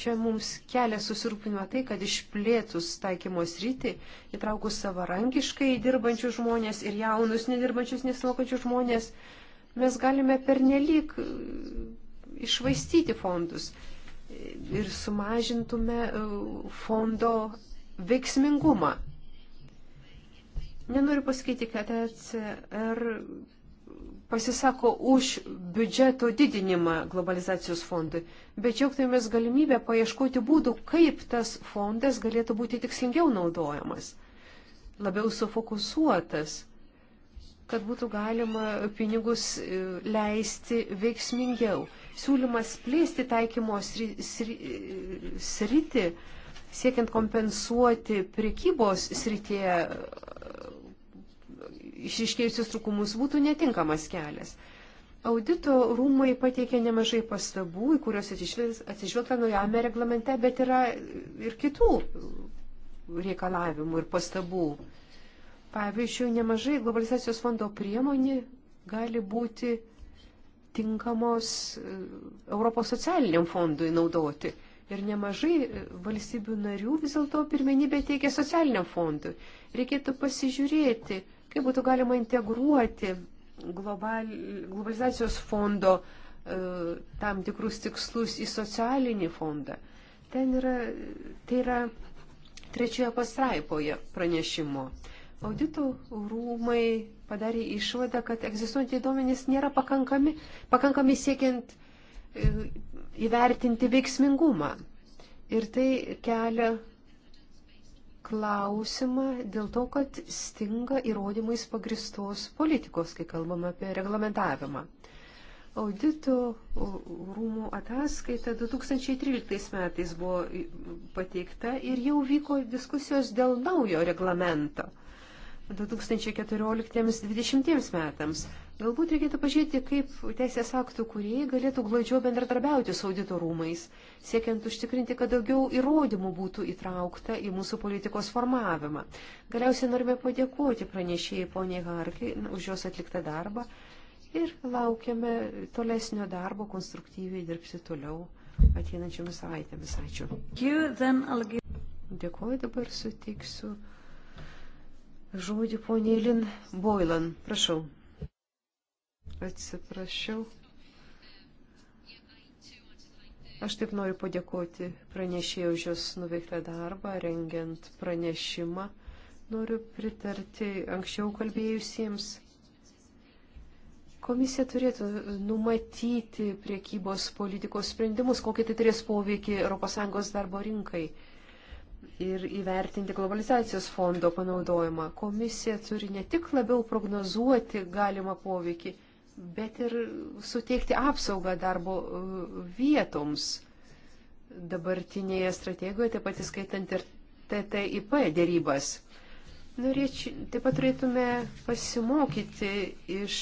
Čia mums kelia susirūpinimą tai, kad išplėtus taikymos rytį, įtraukus savarankiškai dirbančius žmonės ir jaunus nedirbančius nesumokančius žmonės, mes galime pernelyg išvaistyti fondus ir sumažintume e, fondo veiksmingumą. Nenoriu pasakyti, kad ECR pasisako už biudžeto didinimą globalizacijos fondui, bet džiaugtumės galimybę paieškoti būdų, kaip tas fondas galėtų būti tikslingiau naudojamas, labiau sufokusuotas kad būtų galima pinigus e, leisti veiksmingiau. Siūlymas plėsti taikymo sritį, siekiant kompensuoti prekybos srityje e, išiškėjusius trūkumus, būtų netinkamas kelias. Audito rūmai pateikė nemažai pastabų, į kurios atsižvelgta naujame reglamente, bet yra ir kitų reikalavimų ir pastabų. Pavyzdžiui, nemažai globalizacijos fondo priemonė gali būti tinkamos e, Europos socialiniam fondui naudoti. Ir nemažai e, valstybių narių vis dėlto pirmenybė teikia socialiniam fondui. Reikėtų pasižiūrėti, kaip būtų galima integruoti global, globalizacijos fondo e, tam tikrus tikslus į socialinį fondą. Ten yra, e, tai yra trečioje pastraipoje pranešimo. E, Audito rūmai padarė išvadą, kad egzistuojantys duomenys nėra pakankami, pakankami siekiant e, įvertinti veiksmingumą. Ir tai kelia klausimą dėl to, kad stinga įrodymais pagristos politikos, kai kalbame apie reglamentavimą. Audito rūmų ataskaita 2013 metais buvo pateikta ir jau vyko diskusijos dėl naujo reglamento. 2014-2020 metams. Galbūt reikėtų pažiūrėti, kaip teisės aktų kuriejai galėtų glaudžiau bendradarbiauti su auditorumais, siekiant užtikrinti, kad daugiau įrodymų būtų įtraukta į mūsų politikos formavimą. Galiausiai norime padėkoti pranešėjai poniai Harkiai už jos atliktą darbą ir laukiame tolesnio darbo konstruktyviai dirbti toliau ateinančiomis savaitėmis. Ačiū. Dėkuoju dabar sutiksiu. Žodį ponė Lin Boylan, prašau. Atsiprašau. Aš taip noriu padėkoti pranešėjai už jos nuveiktą darbą, rengiant pranešimą. Noriu pritarti anksčiau kalbėjusiems. Komisija turėtų numatyti priekybos politikos sprendimus, kokį tai turės poveikį ES darbo rinkai ir įvertinti globalizacijos fondo panaudojimą. Komisija turi ne tik labiau prognozuoti galimą poveikį, bet ir suteikti apsaugą darbo uh, vietoms dabartinėje strategijoje, taip pat įskaitant ir TTIP dėrybas. Norėčiau, taip pat turėtume pasimokyti iš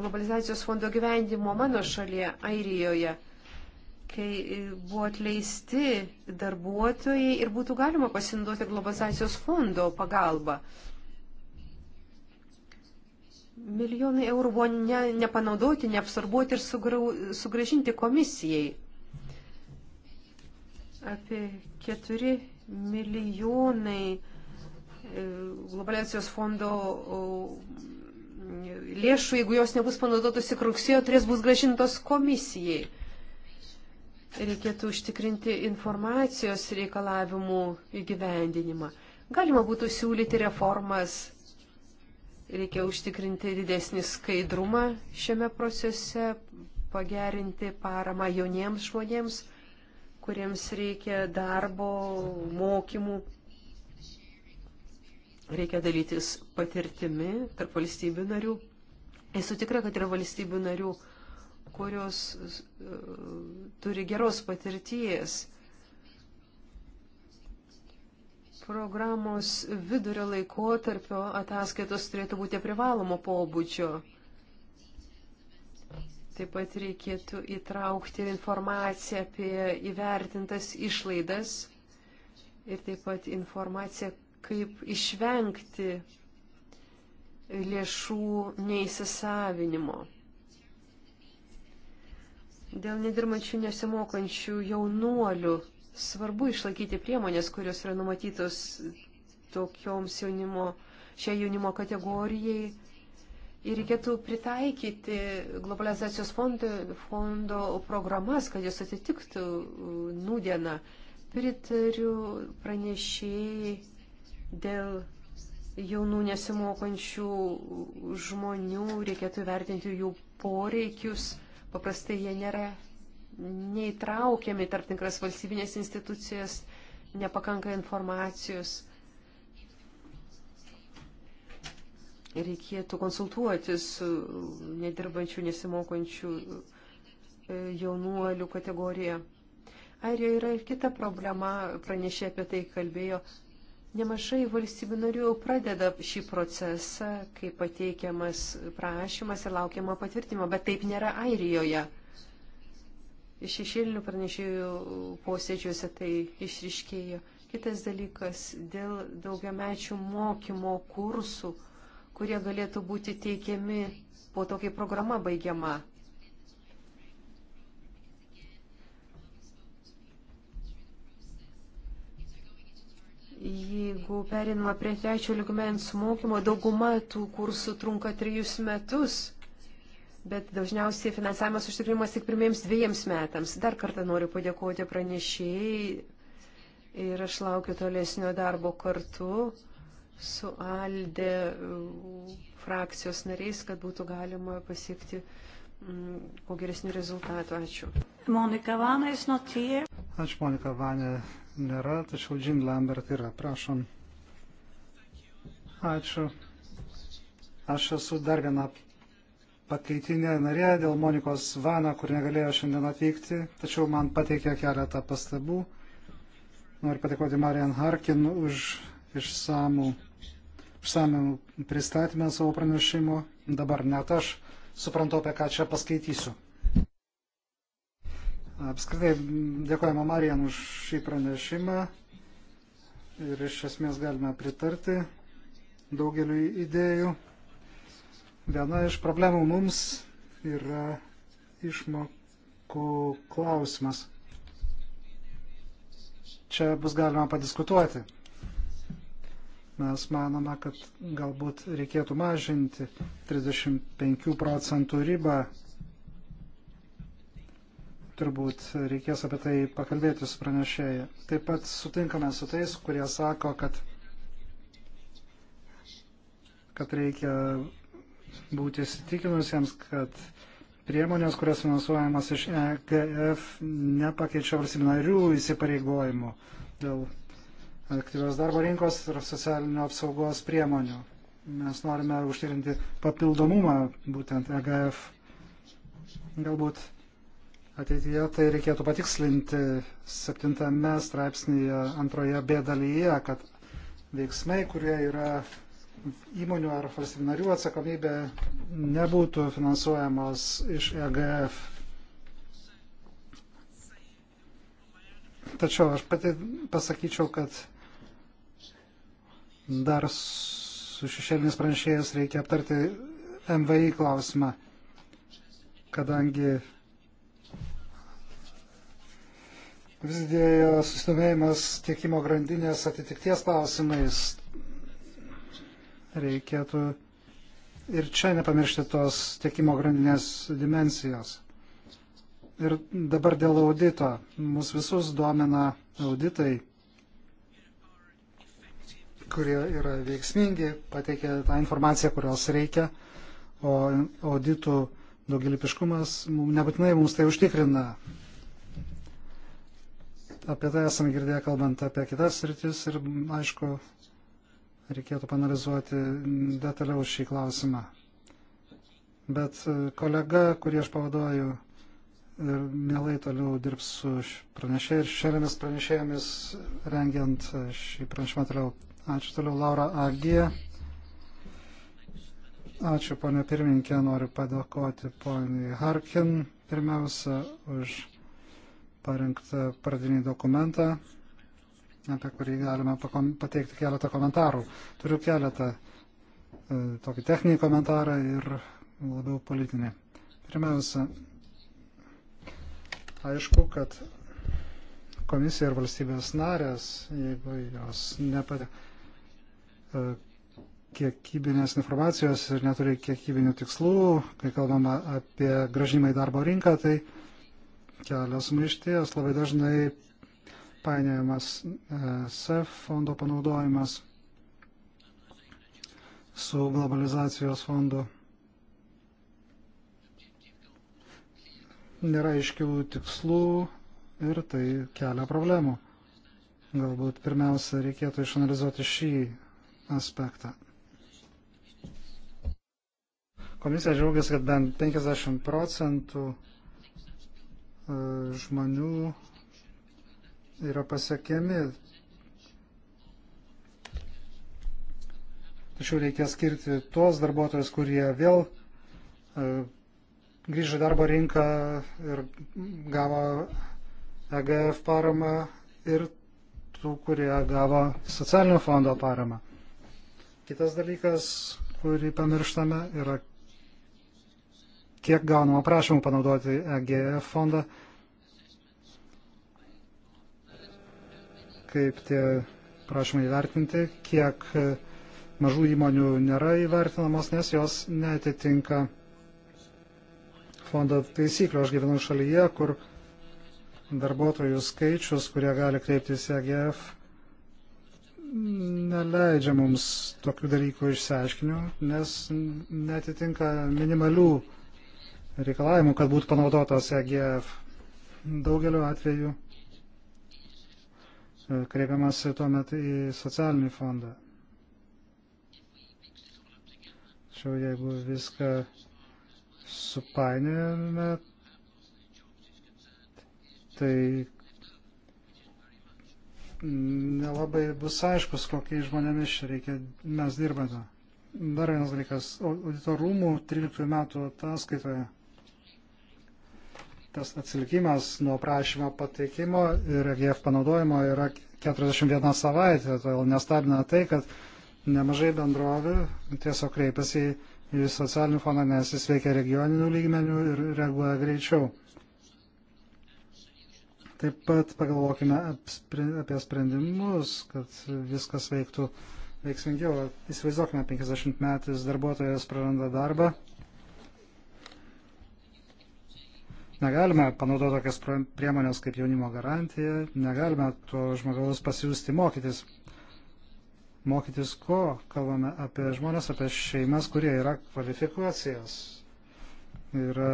globalizacijos fondo gyvendimo mano šalyje, Airijoje kai e, buvo atleisti darbuotojai ir būtų galima pasinduoti globalizacijos fondo pagalba. Milijonai eurų buvo ne, nepanaudoti, neapsarbuoti ir sugrau, sugražinti komisijai. Apie 4 milijonai e, globalizacijos fondo lėšų, jeigu jos nebus panaudotos iki rugsėjo, turės bus gražintos komisijai reikėtų užtikrinti informacijos reikalavimų įgyvendinimą. Galima būtų siūlyti reformas, reikia užtikrinti didesnį skaidrumą šiame procese, pagerinti paramą jauniems žmonėms, kuriems reikia darbo, mokymų, reikia dalytis patirtimi tarp valstybių narių. Esu tikra, kad yra valstybių narių, kurios e, turi geros patirties. Programos vidurio laikotarpio ataskaitos turėtų būti privalomo pobūdžio. Taip pat reikėtų įtraukti informaciją apie įvertintas išlaidas ir taip pat informaciją, kaip išvengti lėšų neįsisavinimo. Dėl nedirbančių nesimokančių jaunuolių svarbu išlaikyti priemonės, kurios yra numatytos tokioms jaunimo, šiai jaunimo kategorijai. Ir reikėtų pritaikyti globalizacijos fondo, fondo programas, kad jos atitiktų nūdieną. Pritariu pranešėjai dėl jaunų nesimokančių žmonių, reikėtų vertinti jų poreikius Paprastai jie nėra neįtraukiami tarp tikras valstybinės institucijas, nepakanka informacijos. Reikėtų konsultuoti su nedirbančių, nesimokančių e, jaunuolių kategorija. Airijoje yra ir kita problema, pranešė apie tai kalbėjo Nemažai valstybių narių pradeda šį procesą, kai pateikiamas prašymas ir laukiama patvirtimo, bet taip nėra Airijoje. Iš šešėlinių pranešėjų posėdžiuose tai išriškėjo. Kitas dalykas dėl daugiamečių mokymo kursų, kurie galėtų būti teikiami po to, kai programa baigiama. Jeigu perinama prie trečio ligmens mokymo, dauguma tų kursų trunka trijus metus, bet dažniausiai finansavimas užtikrimas tik pirmiems dviejams metams. Dar kartą noriu padėkoti pranešėjai ir aš laukiu tolesnio darbo kartu su Alde uh, frakcijos nariais, kad būtų galima pasiekti Mm, kuo geresnių rezultatų. Ačiū. Monika Vana, jis notėjo. Ačiū, Monika Vana nėra, tačiau Jean Lambert yra. Prašom. Ačiū. Aš esu dar viena pakeitinė narė dėl Monikos Vana, kur negalėjo šiandien atvykti, tačiau man pateikė keletą pastabų. Noriu patikoti Marian Harkin už išsamų, išsamų pristatymą savo pranešimo. Dabar net aš suprantu, apie ką čia paskaitysiu. Apskritai, dėkojame Marijan už šį pranešimą ir iš esmės galime pritarti daugeliu idėjų. Viena iš problemų mums yra išmokų klausimas. Čia bus galima padiskutuoti mes manome, kad galbūt reikėtų mažinti 35 procentų ribą. Turbūt reikės apie tai pakalbėti su pranešėju. Taip pat sutinkame su tais, kurie sako, kad, kad reikia būti įsitikinusiems, kad priemonės, kurias finansuojamas iš EGF, nepakeičia valstybinarių įsipareigojimų dėl aktyvios darbo rinkos ir socialinio apsaugos priemonių. Mes norime užtikrinti papildomumą būtent EGF. Galbūt ateityje tai reikėtų patikslinti septintame straipsnėje antroje B dalyje, kad veiksmai, kurie yra įmonių ar valstybinarių atsakomybė, nebūtų finansuojamos iš EGF. Tačiau aš pati pasakyčiau, kad Dar su šešėlinis pranešėjas reikia aptarti MVI klausimą, kadangi vis didėjo susidomėjimas tiekimo grandinės atitikties klausimais. Reikėtų ir čia nepamiršti tos tiekimo grandinės dimensijos. Ir dabar dėl audito. Mus visus domina auditai kurie yra veiksmingi, pateikia tą informaciją, kurios reikia, o auditų daugilipiškumas nebūtinai mums tai užtikrina. Apie tai esame girdėję kalbant apie kitas rytis ir, aišku, reikėtų panalizuoti detaliau šį klausimą. Bet e, kolega, kurį aš pavaduoju, ir e, mielai toliau dirbs su pranešėjais ir šelėmis pranešėjomis rengiant e, šį pranešimą toliau. Ačiū toliau, Laura Agija. Ačiū, ponė pirmininkė, noriu padėkoti poniai Harkin pirmiausia už parengtą pradinį dokumentą, apie kurį galime pateikti keletą komentarų. Turiu keletą e, tokį techninį komentarą ir labiau politinį. Pirmiausia, aišku, kad komisija ir valstybės narės, jeigu jos nepatekė E, kiekybinės informacijos ir neturi kiekybinių tikslų, kai kalbama apie gražimą į darbo rinką, tai kelios maišties labai dažnai painiojamas e, SEF fondo panaudojimas su globalizacijos fondu. Nėra aiškių tikslų ir tai kelia problemų. Galbūt pirmiausia reikėtų išanalizuoti šį aspektą. Komisija žiaugiasi, kad bent 50 procentų e, žmonių yra pasiekiami. Tačiau reikia skirti tuos darbuotojus, kurie vėl e, grįžo į darbo rinką ir gavo EGF paramą ir tų, kurie gavo socialinio fondo paramą. Kitas dalykas, kurį pamirštame, yra kiek gaunama prašymų panaudoti EGF fondą, kaip tie prašymai įvertinti, kiek e, mažų įmonių nėra įvertinamos, nes jos netitinka fondo taisyklių. Aš gyvenu šalyje, kur darbuotojų skaičius, kurie gali kreiptis į EGF, neleidžia mums tokių dalykų išsiaiškinių, nes netitinka minimalių reikalavimų, kad būtų panaudotas EGF. Daugeliu atveju e, kreipiamas tuomet į socialinį fondą. Tačiau jeigu viską supainiojame, tai nelabai bus aiškus, kokiais žmonėmis čia reikia mes dirbame. Dar vienas dalykas, auditorumų 13 metų ataskaitoje tas atsilikimas nuo prašymo pateikimo ir GF panaudojimo yra 41 savaitė, todėl nestabina tai, kad nemažai bendrovių tiesiog kreipiasi į socialinį foną, nes jis veikia regioninių lygmenių ir reaguoja greičiau. Taip pat pagalvokime apie sprendimus, kad viskas veiktų veiksmingiau. Įsivaizduokime, 50 metais darbuotojas praranda darbą. Negalime panaudoti tokias priemonės kaip jaunimo garantija, negalime to žmogaus pasiūsti mokytis. Mokytis ko? Kalbame apie žmonės, apie šeimas, kurie yra kvalifikacijos. Yra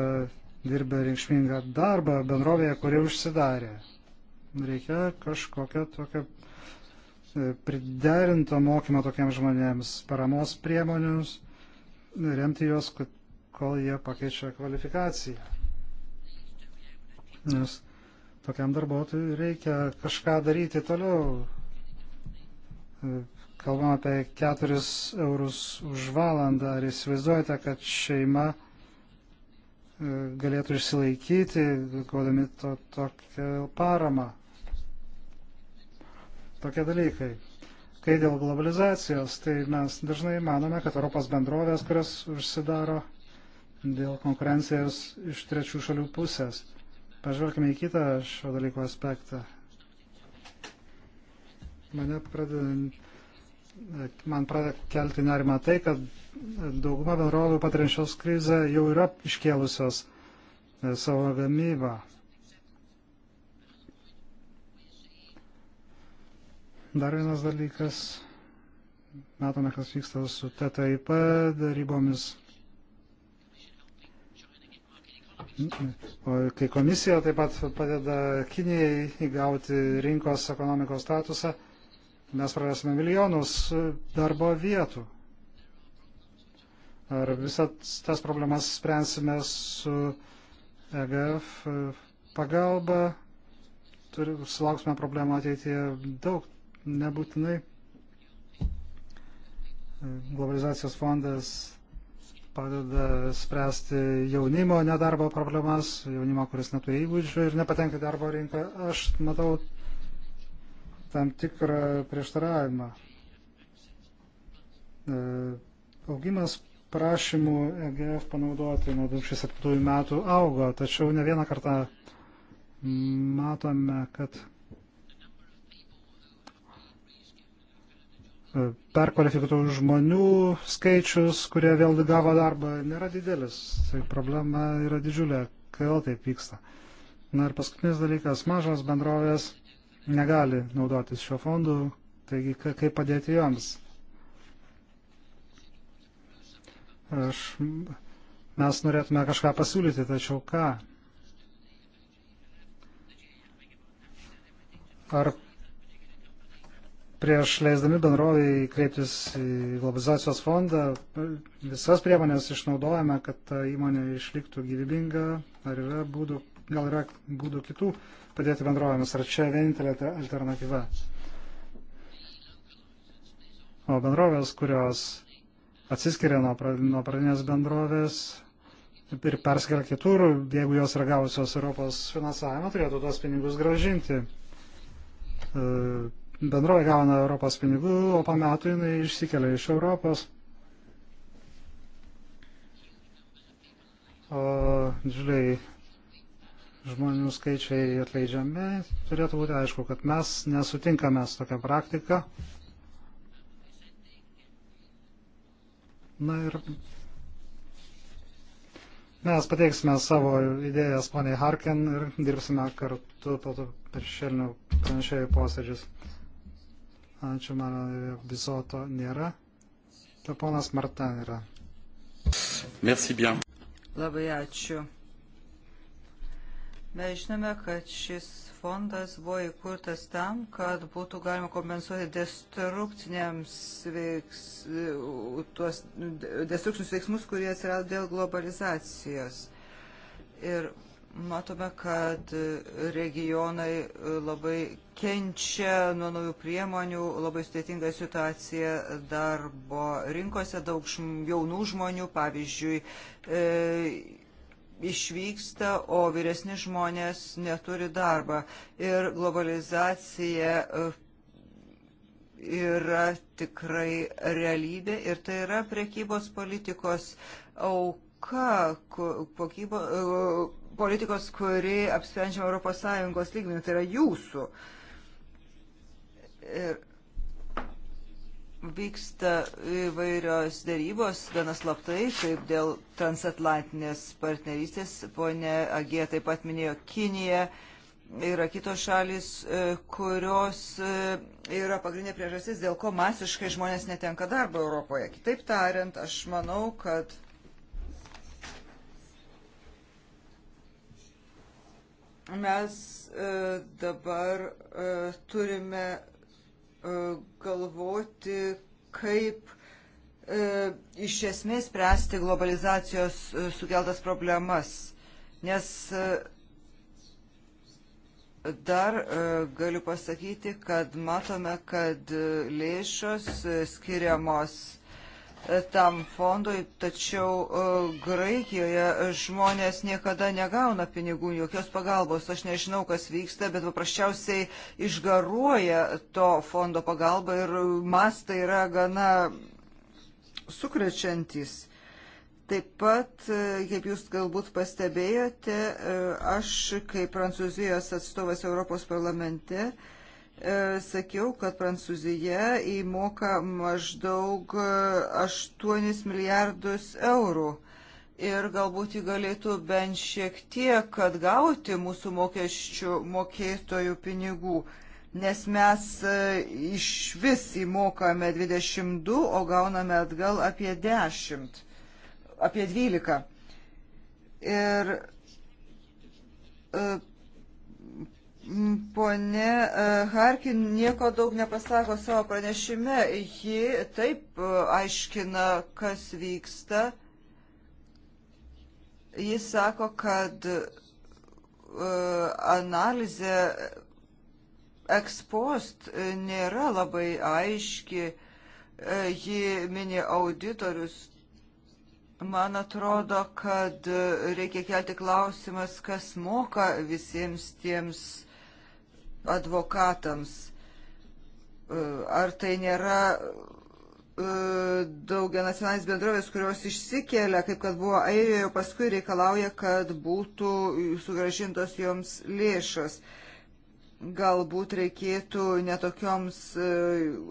dirbę reikšmingą darbą bendrovėje, kuri užsidarė. Reikia kažkokio tokio e, priderinto mokymo tokiems žmonėms, paramos priemonius, remti juos, kol jie pakeičia kvalifikaciją. Nes tokiam darbuotojui reikia kažką daryti toliau. E, kalbam apie 4 eurus už valandą. Ar įsivaizduojate, kad šeima galėtų išsilaikyti, gaudami to, tokią paramą. Tokie dalykai. Kai dėl globalizacijos, tai mes dažnai manome, kad Europos bendrovės, kurios užsidaro dėl konkurencijos iš trečių šalių pusės. Pažvelkime į kitą šio dalyko aspektą. Mane pradedant man pradeda kelti nerimą tai, kad dauguma bendrovių patiriančios krizę jau yra iškėlusios e, savo gamybą. Dar vienas dalykas, matome, kas vyksta su TTIP darybomis. O kai komisija taip pat padeda Kinijai įgauti rinkos ekonomikos statusą, mes prarasime milijonus darbo vietų. Ar visas tas problemas spręsime su EGF pagalba, turi, sulauksime problemų ateityje daug, nebūtinai. Globalizacijos fondas padeda spręsti jaunimo nedarbo problemas, jaunimo, kuris neturi įgūdžių ir nepatenka darbo rinką. Aš matau tam tikrą prieštaravimą. E, augimas prašymų EGF panaudoti nuo 2007 metų augo, tačiau ne vieną kartą matome, kad e, perkvalifikuotų žmonių skaičius, kurie vėl gavo darbą, nėra didelis. Tai problema yra didžiulė, kodėl taip vyksta. Na ir paskutinis dalykas - mažos bendrovės negali naudotis šio fondu, taigi kaip padėti joms. Aš, mes norėtume kažką pasiūlyti, tačiau ką? Ar prieš leisdami bendroviai kreiptis į globalizacijos fondą, visas priemonės išnaudojame, kad ta įmonė išliktų gyvybinga, ar yra būdų, gal yra būdų kitų padėti bendrovėms, ar čia vienintelė alternatyva. O bendrovės, kurios atsiskiria nuo, nuo pradinės bendrovės ir perskelia kitur, jeigu jos yra gavusios Europos finansavimą, turėtų tuos pinigus gražinti. E, bendrovė gauna Europos pinigų, o po metų jinai išsikelia iš Europos. O didžiuliai žmonių skaičiai atleidžiami, turėtų būti aišku, kad mes nesutinkame su tokia praktika. Na ir mes pateiksime savo idėjas poniai Harken ir dirbsime kartu per šelnių pranešėjų posėdžius. Ačiū, mano visoto nėra. Ta ponas Marta yra. Merci bien. Labai ačiū. Mes žinome, kad šis fondas buvo įkurtas tam, kad būtų galima kompensuoti destrukciniams veiks, tuos destrukcinius veiksmus, kurie atsirado dėl globalizacijos. Ir matome, kad regionai labai kenčia nuo naujų priemonių, labai sudėtinga situacija darbo rinkose, daug jaunų žmonių, pavyzdžiui, e, išvyksta, o vyresni žmonės neturi darbą. Ir globalizacija e, yra tikrai realybė ir tai yra prekybos politikos auka, pokybo, e, politikos, kuri apsprendžiama ES lygmenį, tai yra jūsų. Ir Vyksta įvairios dėrybos, ganas laptai, kaip dėl transatlantinės partnerystės. Pone Agė taip pat minėjo Kiniją yra kitos šalis, e, kurios e, yra pagrindinė priežastis, dėl ko masiškai žmonės netenka darbo Europoje. Kitaip tariant, aš manau, kad mes e, dabar turime E, galvoti, kaip e, iš esmės spręsti globalizacijos e, sukeltas problemas. Nes dar galiu pasakyti, kad matome, kad lėšos skiriamos E, tam fondui, tačiau e, Graikijoje žmonės niekada negauna pinigų, jokios pagalbos. Aš nežinau, kas vyksta, bet paprasčiausiai išgaruoja to fondo pagalba ir mastai yra gana sukrečiantis. Taip pat, e, kaip jūs galbūt pastebėjote, aš kaip Prancūzijos atstovas Europos parlamente, E, sakiau, kad Prancūzija įmoka maždaug 8 e, milijardus eurų. Ir galbūt jį galėtų bent šiek tiek atgauti mūsų mokesčių mokėtojų pinigų, nes mes e, iš vis įmokame 22, o gauname atgal apie 10, apie 12. Ir Pone e, Harkin nieko daug nepasako savo pranešime. Ji taip e, aiškina, kas vyksta. Jis sako, kad e, analizė ekspost nėra labai aiški. Ji mini auditorius, Man atrodo, kad reikia kelti klausimas, kas moka visiems tiems advokatams. E, ar tai nėra e, daugia nacionalinės bendrovės, kurios išsikelia, kaip kad buvo Airijoje, paskui reikalauja, kad būtų sugražintos joms lėšos. Galbūt reikėtų netokioms e,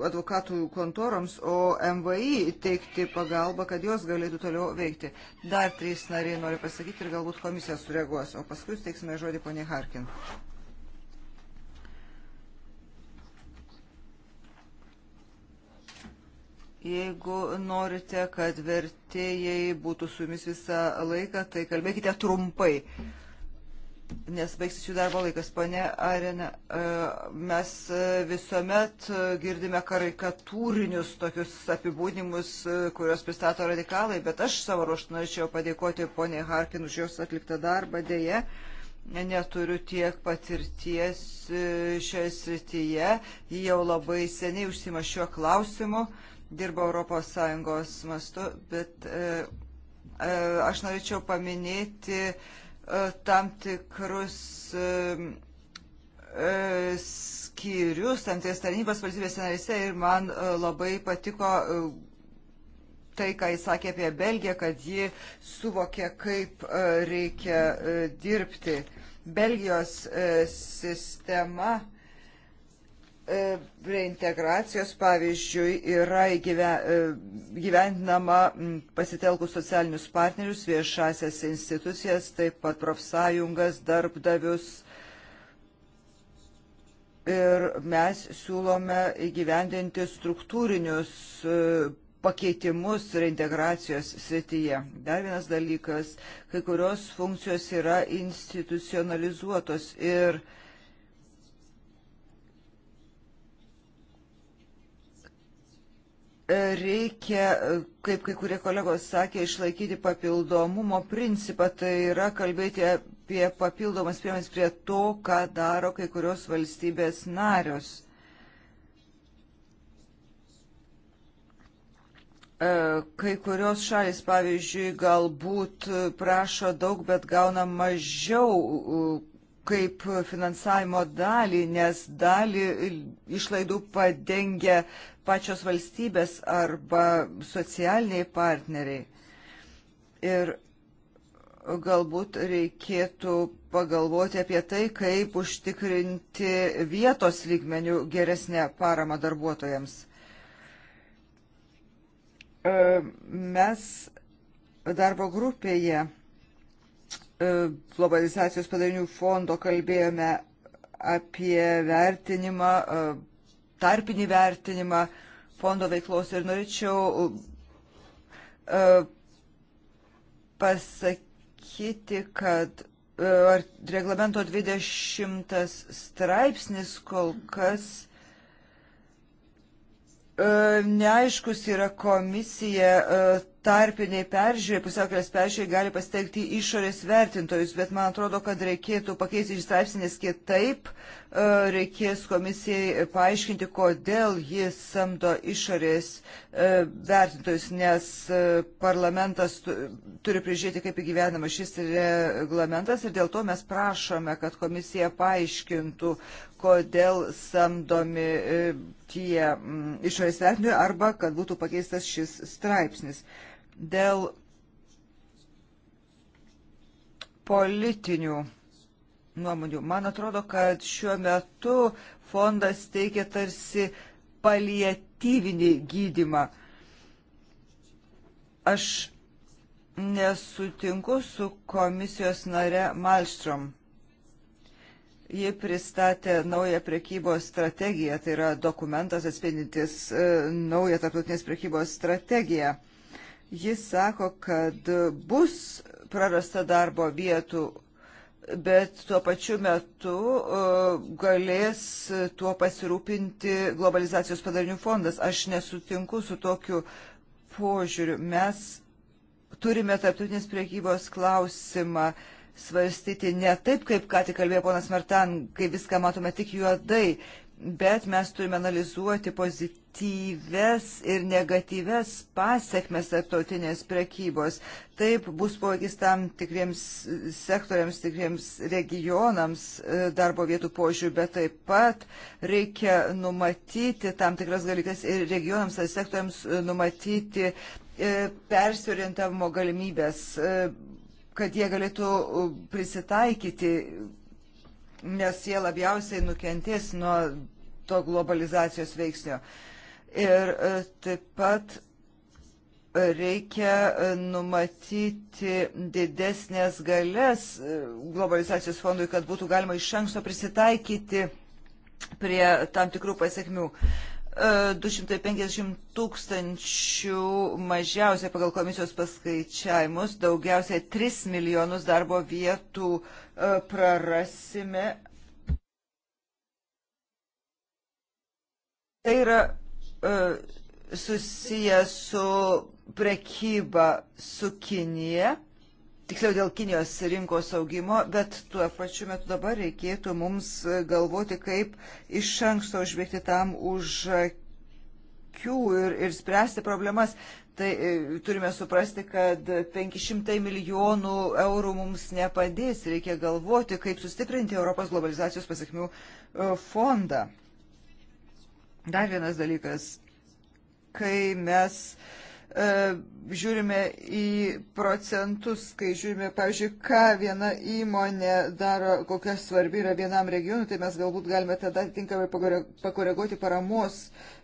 advokatų kontoroms, o MVI teikti pagalbą, kad jos galėtų toliau veikti. Dar trys nariai nori pasakyti ir galbūt komisija sureaguos, o paskui steiksime žodį poniai Harkin. Jeigu norite, kad vertėjai būtų su jumis visą laiką, tai kalbėkite trumpai, nes baigsis jų darbo laikas. Pane Arena, e, mes e, visuomet e, girdime karikatūrinius tokius apibūdinimus, kuriuos pristato radikalai, bet aš savo ruoštų norėčiau padėkoti poniai Harkin už jos atliktą darbą. Deja, neturiu tiek patirties šioje srityje, ji jau labai seniai užsima šiuo klausimu. Uh, dirba ES mastu, bet e, e, aš norėčiau paminėti e, tam tikrus skyrius, tam ties tarnybos valstybės narėse ir man labai patiko tai, ką jis sakė apie Belgiją, kad ji suvokė, kaip reikia dirbti. Belgijos sistema E, reintegracijos, pavyzdžiui, yra e, gyventinama pasitelkus socialinius partnerius, viešasias institucijas, taip pat profsąjungas, darbdavius. Ir mes siūlome įgyvendinti struktūrinius e, pakeitimus reintegracijos srityje. Dar vienas dalykas, kai kurios funkcijos yra institucionalizuotos ir e, reikia, kaip kai kurie kolegos sakė, išlaikyti papildomumo principą, tai yra kalbėti apie papildomas priemonės prie to, ką daro kai kurios valstybės narios. E, kai kurios šalis, pavyzdžiui, galbūt prašo daug, bet gauna mažiau kaip finansavimo dalį, nes dalį išlaidų padengia pačios valstybės arba socialiniai partneriai. Ir galbūt reikėtų pagalvoti apie tai, kaip užtikrinti vietos lygmenių geresnę paramą darbuotojams. E, mes darbo grupėje E, globalizacijos padarinių fondo kalbėjome apie vertinimą, e, tarpinį vertinimą fondo veiklos ir norėčiau e, pasakyti, kad reglamento 20 straipsnis kol kas neaiškus yra komisija tarpiniai peržiūrė, pusiaukelės peržiūrė gali pasitelkti išorės vertintojus, bet man atrodo, kad reikėtų pakeisti iš straipsnį, nes kitaip e, reikės komisijai paaiškinti, kodėl jis samdo išorės e, vertintojus, nes e, parlamentas turi prižiūrėti, kaip įgyvenama šis reglamentas ir dėl to mes prašome, kad komisija paaiškintų, kodėl samdomi tie išorės vertintojai arba kad būtų pakeistas šis straipsnis. Uh, Dėl politinių nuomonių. Man atrodo, kad šiuo metu fondas teikia tarsi palietyvinį gydimą. Aš nesutinku su komisijos nare Malstrom. Ji pristatė naują prekybos strategiją, tai yra dokumentas atspindintis e, naują tarptautinės prekybos strategiją. E, Jis sako, kad bus prarasta darbo vietų, bet tuo pačiu metu e, galės tuo pasirūpinti globalizacijos padarinių fondas. Aš nesutinku su tokiu požiūriu. Mes turime tarptautinės priekybos klausimą svarstyti ne taip, kaip ką tik kalbėjo ponas Martan, kai viską matome tik juodai bet mes turime analizuoti pozityves ir negatyves pasiekmes tarptautinės prekybos. Taip bus poveikis tam tikriems sektoriams, tikriems regionams e, darbo vietų požiūrių, bet taip pat reikia numatyti tam tikras galykas ir regionams ar sektoriams e, numatyti e, persiorientavimo galimybės kad jie galėtų prisitaikyti, nes jie labiausiai nukentės nuo to globalizacijos veiksnio. Ir e, taip pat e, reikia e, numatyti didesnės galės globalizacijos fondui, kad būtų galima iš anksto prisitaikyti prie tam tikrų pasiekmių. 250 tūkstančių mažiausiai pagal komisijos paskaičiavimus, daugiausiai 3 milijonus darbo vietų prarasime Tai yra e, susiję su prekyba su Kinija, tiksliau dėl Kinijos rinkos augimo, bet tuo pačiu metu dabar reikėtų mums galvoti, kaip iš anksto užbėgti tam už akių ir, ir spręsti problemas. Tai e, turime suprasti, kad 500 milijonų eurų mums nepadės. Reikia galvoti, kaip sustiprinti Europos globalizacijos pasiekmių e, fondą. Dar vienas dalykas, kai mes e, žiūrime į procentus, kai žiūrime, pavyzdžiui, ką viena įmonė daro, kokia svarbi yra vienam regionui, tai mes galbūt galime tada tinkamai pakoreguoti paramos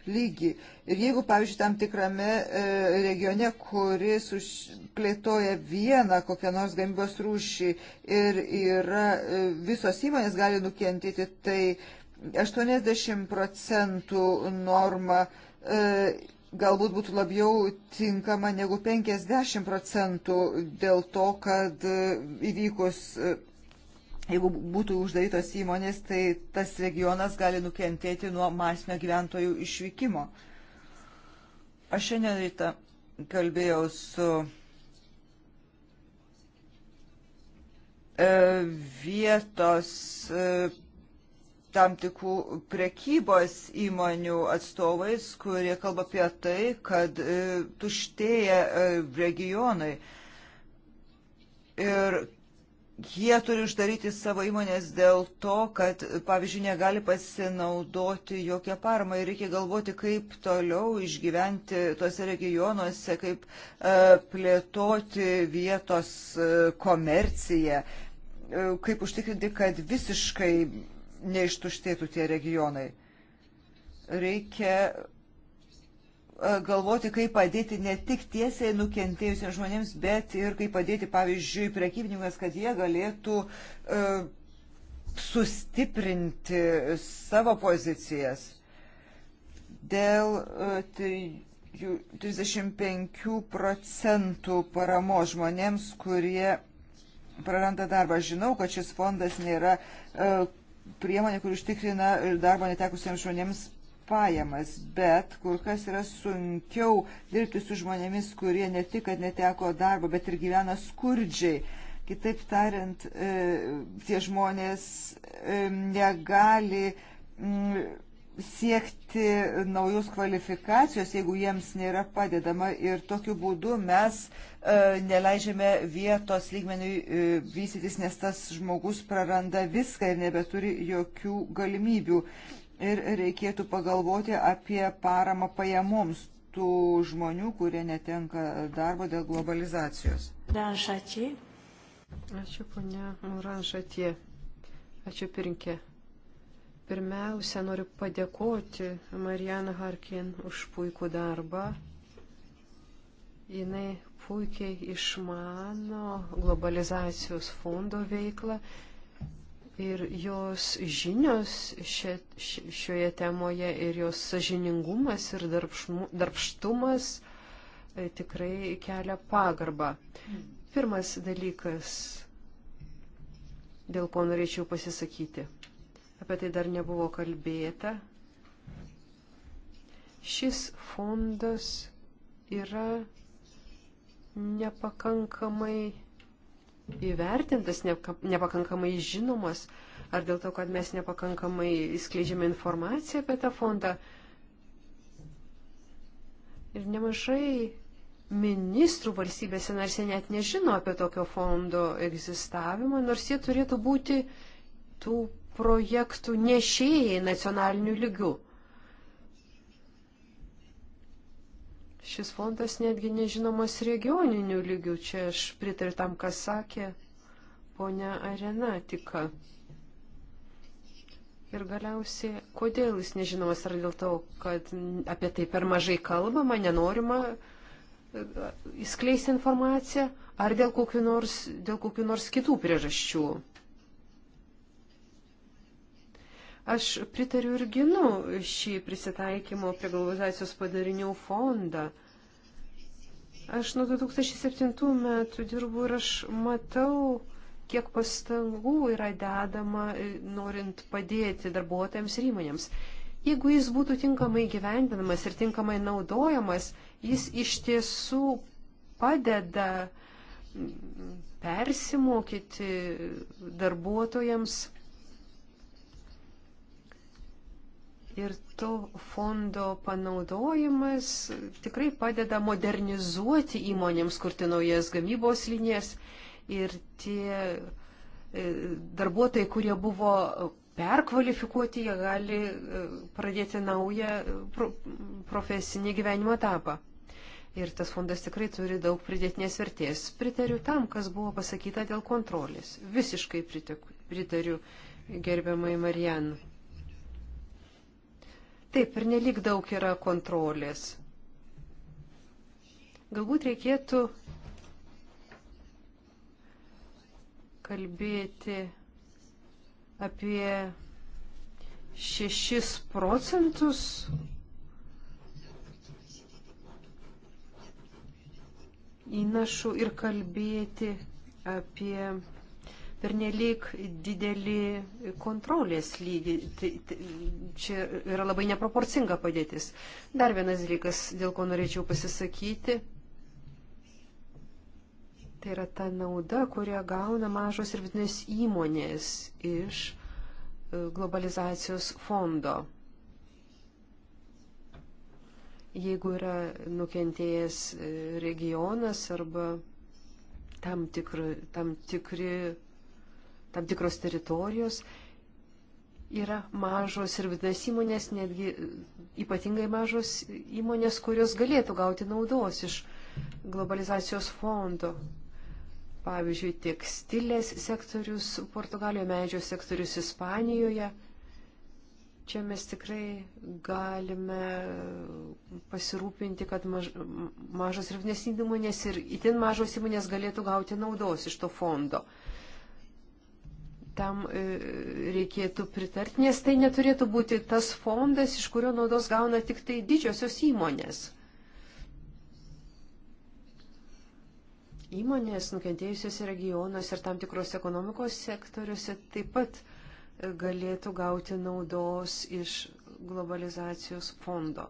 lygį. Ir jeigu, pavyzdžiui, tam tikrame e, regione, kuris plėtoja vieną kokią nors gamybos rūšį ir yra e, visos įmonės gali nukentėti, tai e, 80 procentų norma e, galbūt būtų labiau tinkama negu 50 procentų dėl to, kad e, įvykus, e, jeigu būtų uždarytos įmonės, tai tas regionas gali nukentėti nuo masinio gyventojų išvykimo. Aš šiandien ryte kalbėjau su vietos tam tikrų prekybos įmonių atstovais, kurie kalba apie tai, kad e, tuštėja e, regionai. Ir jie turi uždaryti savo įmonės dėl to, kad, pavyzdžiui, negali pasinaudoti jokią paramą ir reikia galvoti, kaip toliau išgyventi tuose regionuose, kaip e, plėtoti vietos e, komerciją, e, kaip užtikrinti, kad visiškai neištuštėtų tie regionai. Reikia e, galvoti, kaip padėti ne tik tiesiai nukentėjusiems žmonėms, bet ir kaip padėti, pavyzdžiui, prekybininkams, kad jie galėtų e, sustiprinti savo pozicijas. Dėl e, 35 procentų paramos žmonėms, kurie praranda darbą. Žinau, kad šis fondas nėra e, priemonė, kur užtikrina darbo netekusiems žmonėms pajamas, bet kur kas yra sunkiau dirbti su žmonėmis, kurie ne tik, kad neteko darbo, bet ir gyvena skurdžiai. Kitaip tariant, e, tie žmonės e, negali siekti naujos kvalifikacijos, jeigu jiems nėra padedama ir tokiu būdu mes e, neleidžiame vietos lygmeniui e, vystytis, nes tas žmogus praranda viską ir nebeturi jokių galimybių. Ir reikėtų pagalvoti apie paramą pajamoms tų žmonių, kurie netenka darbo dėl globalizacijos. Danšačiai. Ačiū, ponia Muranšatie. Ačiū, pirinkė. Pirmiausia, noriu padėkoti Marian Harkin už puikų darbą. Jis puikiai išmano globalizacijos fondo veiklą ir jos žinios šia, šioje temoje ir jos sažiningumas ir darbšmu, darbštumas e, tikrai kelia pagarbą. Pirmas dalykas, dėl ko norėčiau pasisakyti apie tai dar nebuvo kalbėta. Šis fondas yra nepakankamai įvertintas, nepakankamai žinomas, ar dėl to, kad mes nepakankamai skleidžiame informaciją apie tą fondą. Ir nemažai ministrų valstybėse narse net nežino apie tokio fondo egzistavimą, nors jie turėtų būti tų projektų nešėjai nacionaliniu lygiu. Šis fondas netgi nežinomas regioniniu lygiu. Čia aš pritariu tam, kas sakė ponia Arena tik. Ir galiausiai, kodėl jis nežinomas, ar dėl to, kad apie tai per mažai kalbama, nenorima įskleisti e, e, informaciją, ar dėl kokių nors, dėl kokių nors kitų priežasčių. Aš pritariu ir ginu šį prisitaikymo prie globalizacijos padarinių fondą. Aš nuo 2007 metų dirbu ir aš matau, kiek pastangų yra dedama, e, norint padėti darbuotojams ir įmonėms. Jeigu jis būtų tinkamai gyvendinamas ir tinkamai naudojamas, jis iš tiesų padeda persimokyti darbuotojams Ir to fondo panaudojimas tikrai padeda modernizuoti įmonėms, kurti naujas gamybos linijas. Ir tie e, darbuotojai, kurie buvo perkvalifikuoti, jie gali e, pradėti naują e, profesinį gyvenimo etapą. Ir tas fondas tikrai turi daug pridėtinės vertės. Pritariu tam, kas buvo pasakyta dėl kontrolės. Visiškai pritariu gerbiamai Marijan. Taip, ir nelik daug yra kontrolės. Galbūt reikėtų kalbėti apie 6 procentus įnašų ir kalbėti apie pernelyg didelį kontrolės lygį. Tai, tai, čia yra labai neproporcinga padėtis. Dar vienas dalykas, dėl ko norėčiau pasisakyti. Tai yra ta nauda, kurią gauna mažos ir vidinės įmonės iš e, globalizacijos fondo. Jeigu yra nukentėjęs e, regionas arba tam, tikr, tam tikri tam tikros teritorijos yra mažos ir vidinės įmonės, netgi e, ypatingai mažos įmonės, kurios galėtų gauti naudos iš globalizacijos fondo. Pavyzdžiui, tekstilės sektorius Portugalijoje, medžio sektorius Ispanijoje. Čia mes tikrai galime pasirūpinti, kad maž, mažos ir vidinės įmonės ir itin mažos įmonės galėtų gauti naudos iš to fondo. Uh, tam e, reikėtų pritarti, nes tai neturėtų būti tas fondas, iš kurio naudos gauna tik tai didžiosios įmonės. Įmonės nukentėjusios regionuose ir tam tikros ekonomikos sektoriuose taip pat e, galėtų gauti naudos iš globalizacijos fondo.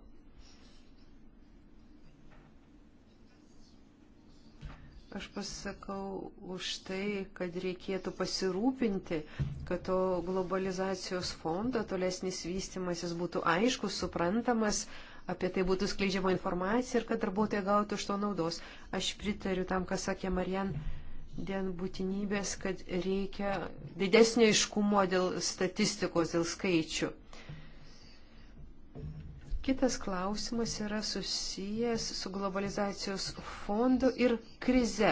Aš pasakau už tai, kad reikėtų pasirūpinti, kad to globalizacijos fondo tolesnis vystimasis būtų aiškus, suprantamas, apie tai būtų skleidžiama informacija ir kad darbuotojai gautų iš to naudos. Aš pritariu tam, ką sakė Marian, dėl būtinybės, kad reikia didesnio iškumo dėl statistikos, dėl skaičių. Kitas klausimas yra susijęs su globalizacijos fondu ir krize.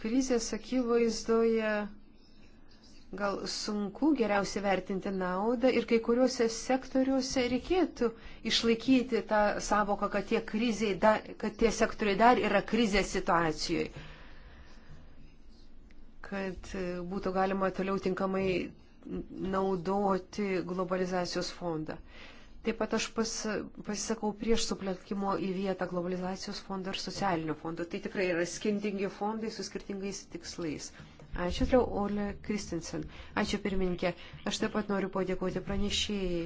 Krizės akivaizdoje gal sunku geriausiai vertinti naudą ir kai kuriuose sektoriuose reikėtų išlaikyti tą savoką, kad tie, kriziai, kad tie sektoriai dar yra krizės situacijoje kad e, būtų galima toliau tinkamai naudoti globalizacijos fondą. Taip pat aš pas, pasisakau prieš supletkimo į vietą globalizacijos fondo ir socialinio fondo. Tai tikrai yra skirtingi fondai su skirtingais tikslais. Ačiū, Tliau Ole Kristinsen. Ačiū, pirmininkė. Aš taip pat noriu padėkoti pranešėjai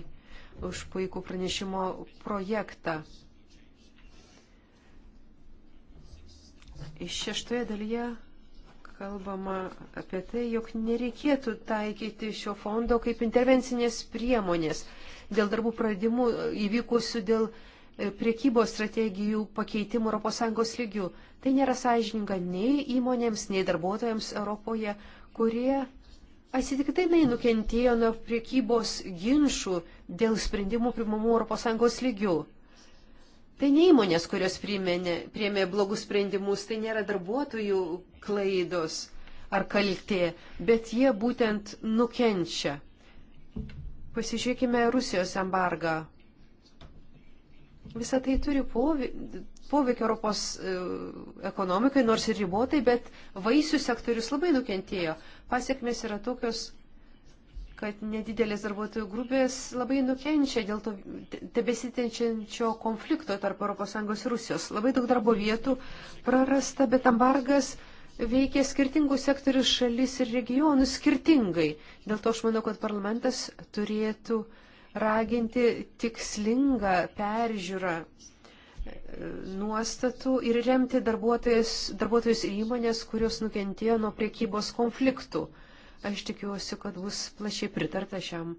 už puikų pranešimo projektą. Iš šeštoje dalyje kalbama apie tai, jog nereikėtų taikyti šio fondo kaip intervencinės priemonės dėl darbų pradimų įvykusių dėl e, priekybos strategijų pakeitimų ES lygių. Tai nėra sąžininga nei įmonėms, nei darbuotojams Europoje, kurie atsitiktinai nukentėjo nuo priekybos ginčių dėl sprendimų primamų ES lygių. Tai ne įmonės, kurios priminė, priemė blogus sprendimus, tai nėra darbuotojų klaidos ar kaltė, bet jie būtent nukenčia. Pasižiūrėkime Rusijos embargą. Visą tai turi poveikį Europos e, ekonomikai, nors ir ribotai, bet vaisių sektorius labai nukentėjo. Pasiekmes yra tokios kad nedidelės darbuotojų grupės labai nukenčia dėl to tebesitenčiančio konflikto tarp ES ir Rusijos. Labai daug darbo vietų prarasta, bet embargas veikia skirtingų sektorių šalis ir regionus skirtingai. Dėl to aš manau, kad parlamentas turėtų raginti tikslingą peržiūrą e, nuostatų ir remti darbuotojus, darbuotojus ir įmonės, kurios nukentėjo nuo priekybos konfliktų. Aš tikiuosi, kad bus plačiai pritarta šiam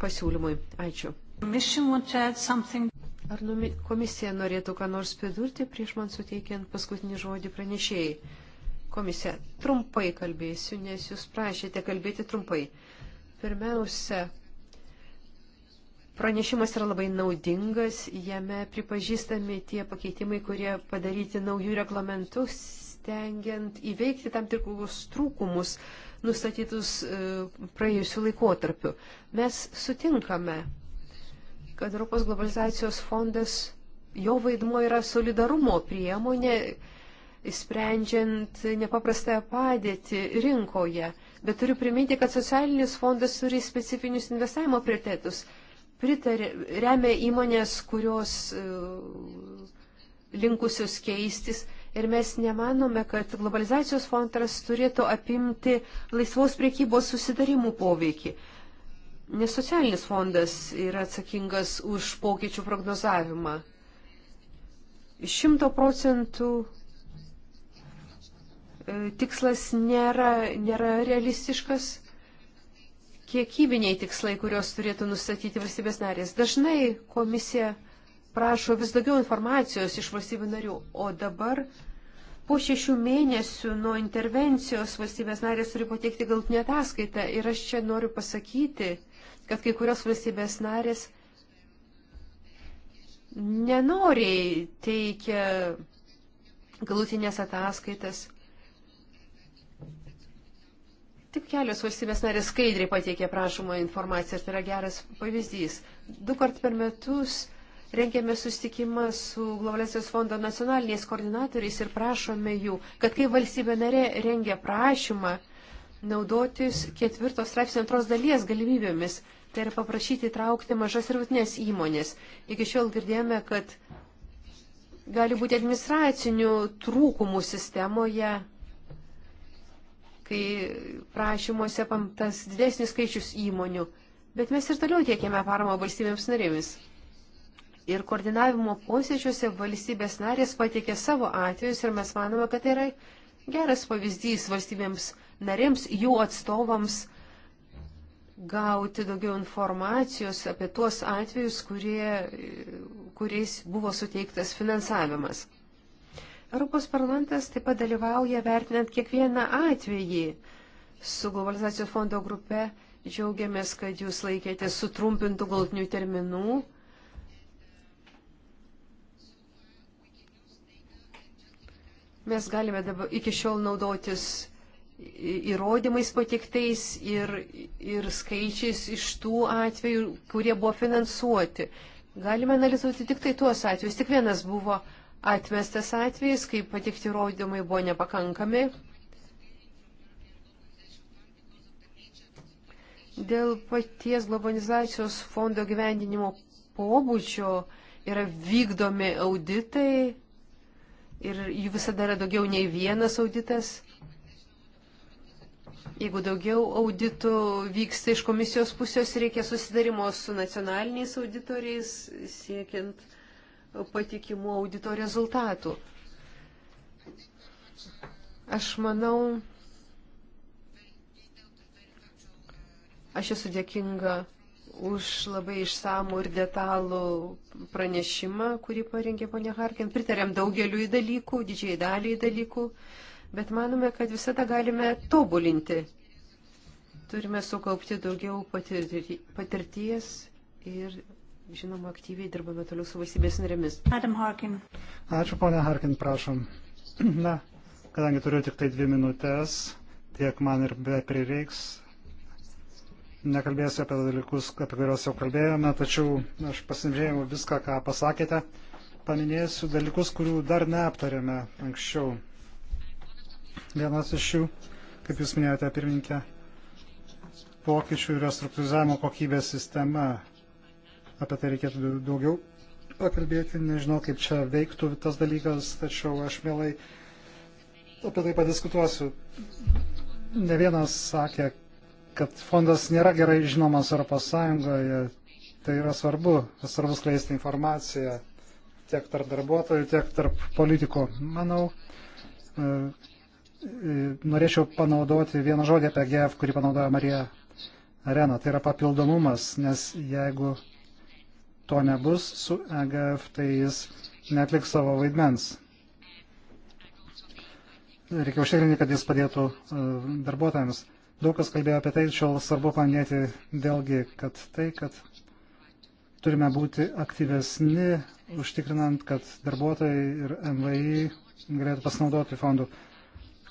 pasiūlymui. Ačiū. Ar komisija norėtų ką nors pridurti prieš man suteikiant paskutinį žodį pranešėjai? Komisija, trumpai kalbėsiu, nes jūs prašėte kalbėti trumpai. Pirmiausia, pranešimas yra labai naudingas, jame pripažįstami tie pakeitimai, kurie padaryti naujų reglamentus stengiant įveikti tam tikrus trūkumus nustatytus e, praėjusiu laikotarpiu. Mes sutinkame, kad Europos globalizacijos fondas, jo vaidmuo yra solidarumo priemonė, sprendžiant nepaprastąją padėtį rinkoje. Bet turiu priminti, kad socialinis fondas turi specifinius investavimo prioritetus. Pritarė, remia įmonės, kurios e, linkusios keistis, Ir mes nemanome, kad globalizacijos fondas turėtų apimti laisvos priekybos susidarimų poveikį. Nes socialinis fondas yra atsakingas už pokyčių prognozavimą. Šimto procentų e, tikslas nėra, nėra realistiškas kiekybiniai tikslai, kuriuos turėtų nustatyti valstybės narės. Dažnai komisija prašo vis daugiau informacijos iš valstybių narių, o dabar po šešių mėnesių nuo intervencijos valstybės narės turi pateikti galtinę ataskaitą. Ir aš čia noriu pasakyti, kad kai kurios valstybės narės nenoriai teikia galutinės ataskaitas. Tik kelios valstybės narės skaidriai pateikė prašomą informaciją ir tai yra geras pavyzdys. Du kart per metus rengėme susitikimą su Globalizacijos fondo nacionaliniais koordinatoriais ir prašome jų, kad kai valstybė narė rengia prašymą naudotis ketvirtos straipsnio antros dalies galimybėmis, tai yra paprašyti įtraukti mažas ir vidutinės įmonės. Iki šiol girdėjome, kad gali būti administracinių trūkumų sistemoje, kai prašymuose pamtas didesnis skaičius įmonių. Bet mes ir toliau tiekėme paramą valstybėms narėmis. Ir koordinavimo posėdžiuose valstybės narės pateikė savo atvejus ir mes manome, kad tai yra geras pavyzdys valstybėms narėms, jų atstovams gauti daugiau informacijos apie tuos atvejus, kurie, kuriais buvo suteiktas finansavimas. Europos parlamentas taip pat dalyvauja vertinant kiekvieną atvejį. Su globalizacijos fondo grupe džiaugiamės, kad jūs laikėte sutrumpintų galtinių terminų Mes galime dabar iki šiol naudotis įrodymais patiktais ir, ir skaičiais iš tų atvejų, kurie buvo finansuoti. Galime analizuoti tik tai tuos atvejus. Tik vienas buvo atmestas atvejis, kai patikti įrodymai buvo nepakankami. Dėl paties globalizacijos fondo gyvendinimo pobūdžio yra vykdomi auditai ir jų visada yra daugiau nei vienas auditas. Jeigu daugiau auditų vyksta iš komisijos pusės, reikia susidarimo su nacionaliniais auditoriais, siekiant patikimų audito rezultatų. Aš manau, aš esu dėkinga už labai išsamų ir detalų pranešimą, kurį parengė ponia Harkin. Pritarėm daugeliu į dalykų, didžiai daliai dalykų, bet manome, kad visada galime tobulinti. Turime sukaupti daugiau patirties ir, žinoma, aktyviai dirbame toliau su valstybės narėmis. Adam Harkin. Ačiū, ponia Harkin, prašom. Na, kadangi turiu tik tai dvi minutės, tiek man ir be prireiks nekalbėsiu apie dalykus, apie kuriuos jau kalbėjome, tačiau aš pasimžėjau viską, ką pasakėte. Paminėsiu dalykus, kurių dar neaptarėme anksčiau. Vienas iš jų, kaip jūs minėjote, pirmininkė, pokyčių ir restruktūrizavimo kokybės sistema. Apie tai reikėtų daugiau pakalbėti, nežinau, kaip čia veiktų tas dalykas, tačiau aš mielai apie tai padiskutuosiu. Ne vienas sakė, kad fondas nėra gerai žinomas ES, tai yra svarbu, svarbu skleisti informaciją tiek tarp darbuotojų, tiek tarp politikų. Manau, e, e, norėčiau panaudoti vieną žodį apie GF, kurį panaudoja Marija Arena. Tai yra papildomumas, nes jeigu to nebus su EGF, tai jis netliks savo vaidmens. Reikia užtikrinti, kad jis padėtų e, darbuotojams. Daug kas kalbėjo apie tai, šiol svarbu paminėti vėlgi, kad tai, kad turime būti aktyvesni, užtikrinant, kad darbuotojai ir MVI galėtų pasinaudoti fondų.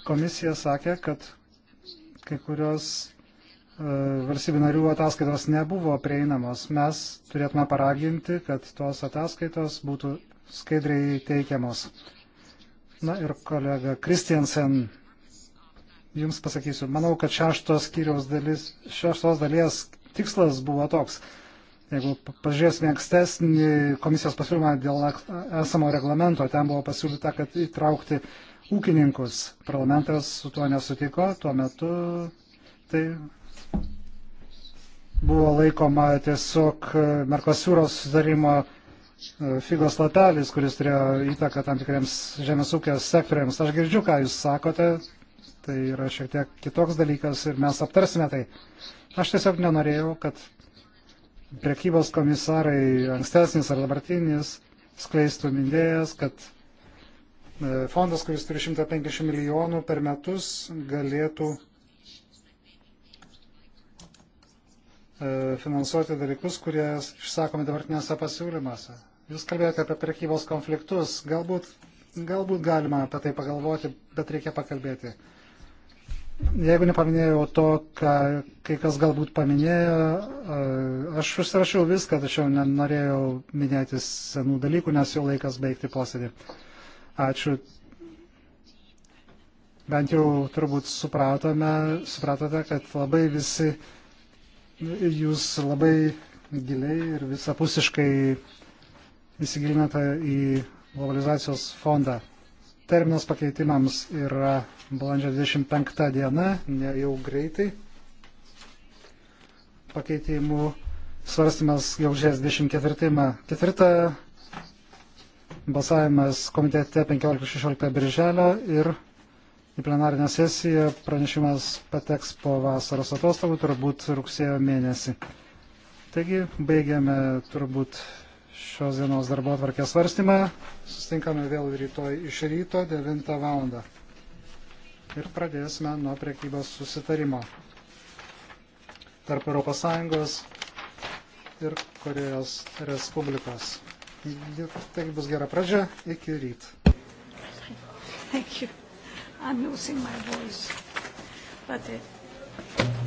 Komisija sakė, kad kai kurios e, valstybių narių ataskaitos nebuvo prieinamos. Mes turėtume paraginti, kad tos ataskaitos būtų skaidriai teikiamos. Na ir kolega Kristiansen jums pasakysiu. Manau, kad šeštos skyriaus dalis, šeštos dalies tikslas buvo toks. Jeigu pažiūrėsime ankstesnį komisijos pasiūlymą dėl esamo reglamento, ten buvo pasiūlyta, kad įtraukti ūkininkus. Parlamentas su tuo nesutiko, tuo metu tai buvo laikoma tiesiog e, Merkosiūros sudarimo e, figos lapelis, kuris turėjo įtaką tam tikriems žemės ūkio sektoriams. Aš girdžiu, ką jūs sakote, tai yra šiek tiek kitoks dalykas ir mes aptarsime tai. Aš tiesiog nenorėjau, kad priekybos komisarai ankstesnis ar dabartinis skleistų mindėjas, kad e, fondas, kuris turi 150 milijonų per metus, galėtų e, finansuoti dalykus, kurie išsakomi dabartinėse pasiūlymuose. Jūs kalbėjote apie prekybos konfliktus. Galbūt, galbūt galima apie tai pagalvoti, bet reikia pakalbėti. Jeigu nepaminėjau to, ką kai kas galbūt paminėjo, e, aš užsirašiau viską, tačiau nenorėjau minėti senų dalykų, nes jau laikas baigti posėdį. Ačiū. Bent jau turbūt supratome, supratote, kad labai visi jūs labai giliai ir visapusiškai įsigilinate į globalizacijos fondą. Terminas pakeitimams yra balandžio 25 diena, ne jau greitai. Pakeitimų svarstymas gegužės 24. Balsavimas komitete 15-16 birželio ir į plenarinę sesiją pranešimas pateks po vasaros atostogų, turbūt rugsėjo mėnesį. Taigi baigiame turbūt šios dienos darbo atvarkės svarstymą. Sustinkame vėl rytoj iš ryto 9 val. Ir pradėsime nuo priekybos susitarimo tarp ES ir Korejos Respublikos. Taigi bus gera pradžia iki ryt. Thank you. I'm losing my voice. But, uh...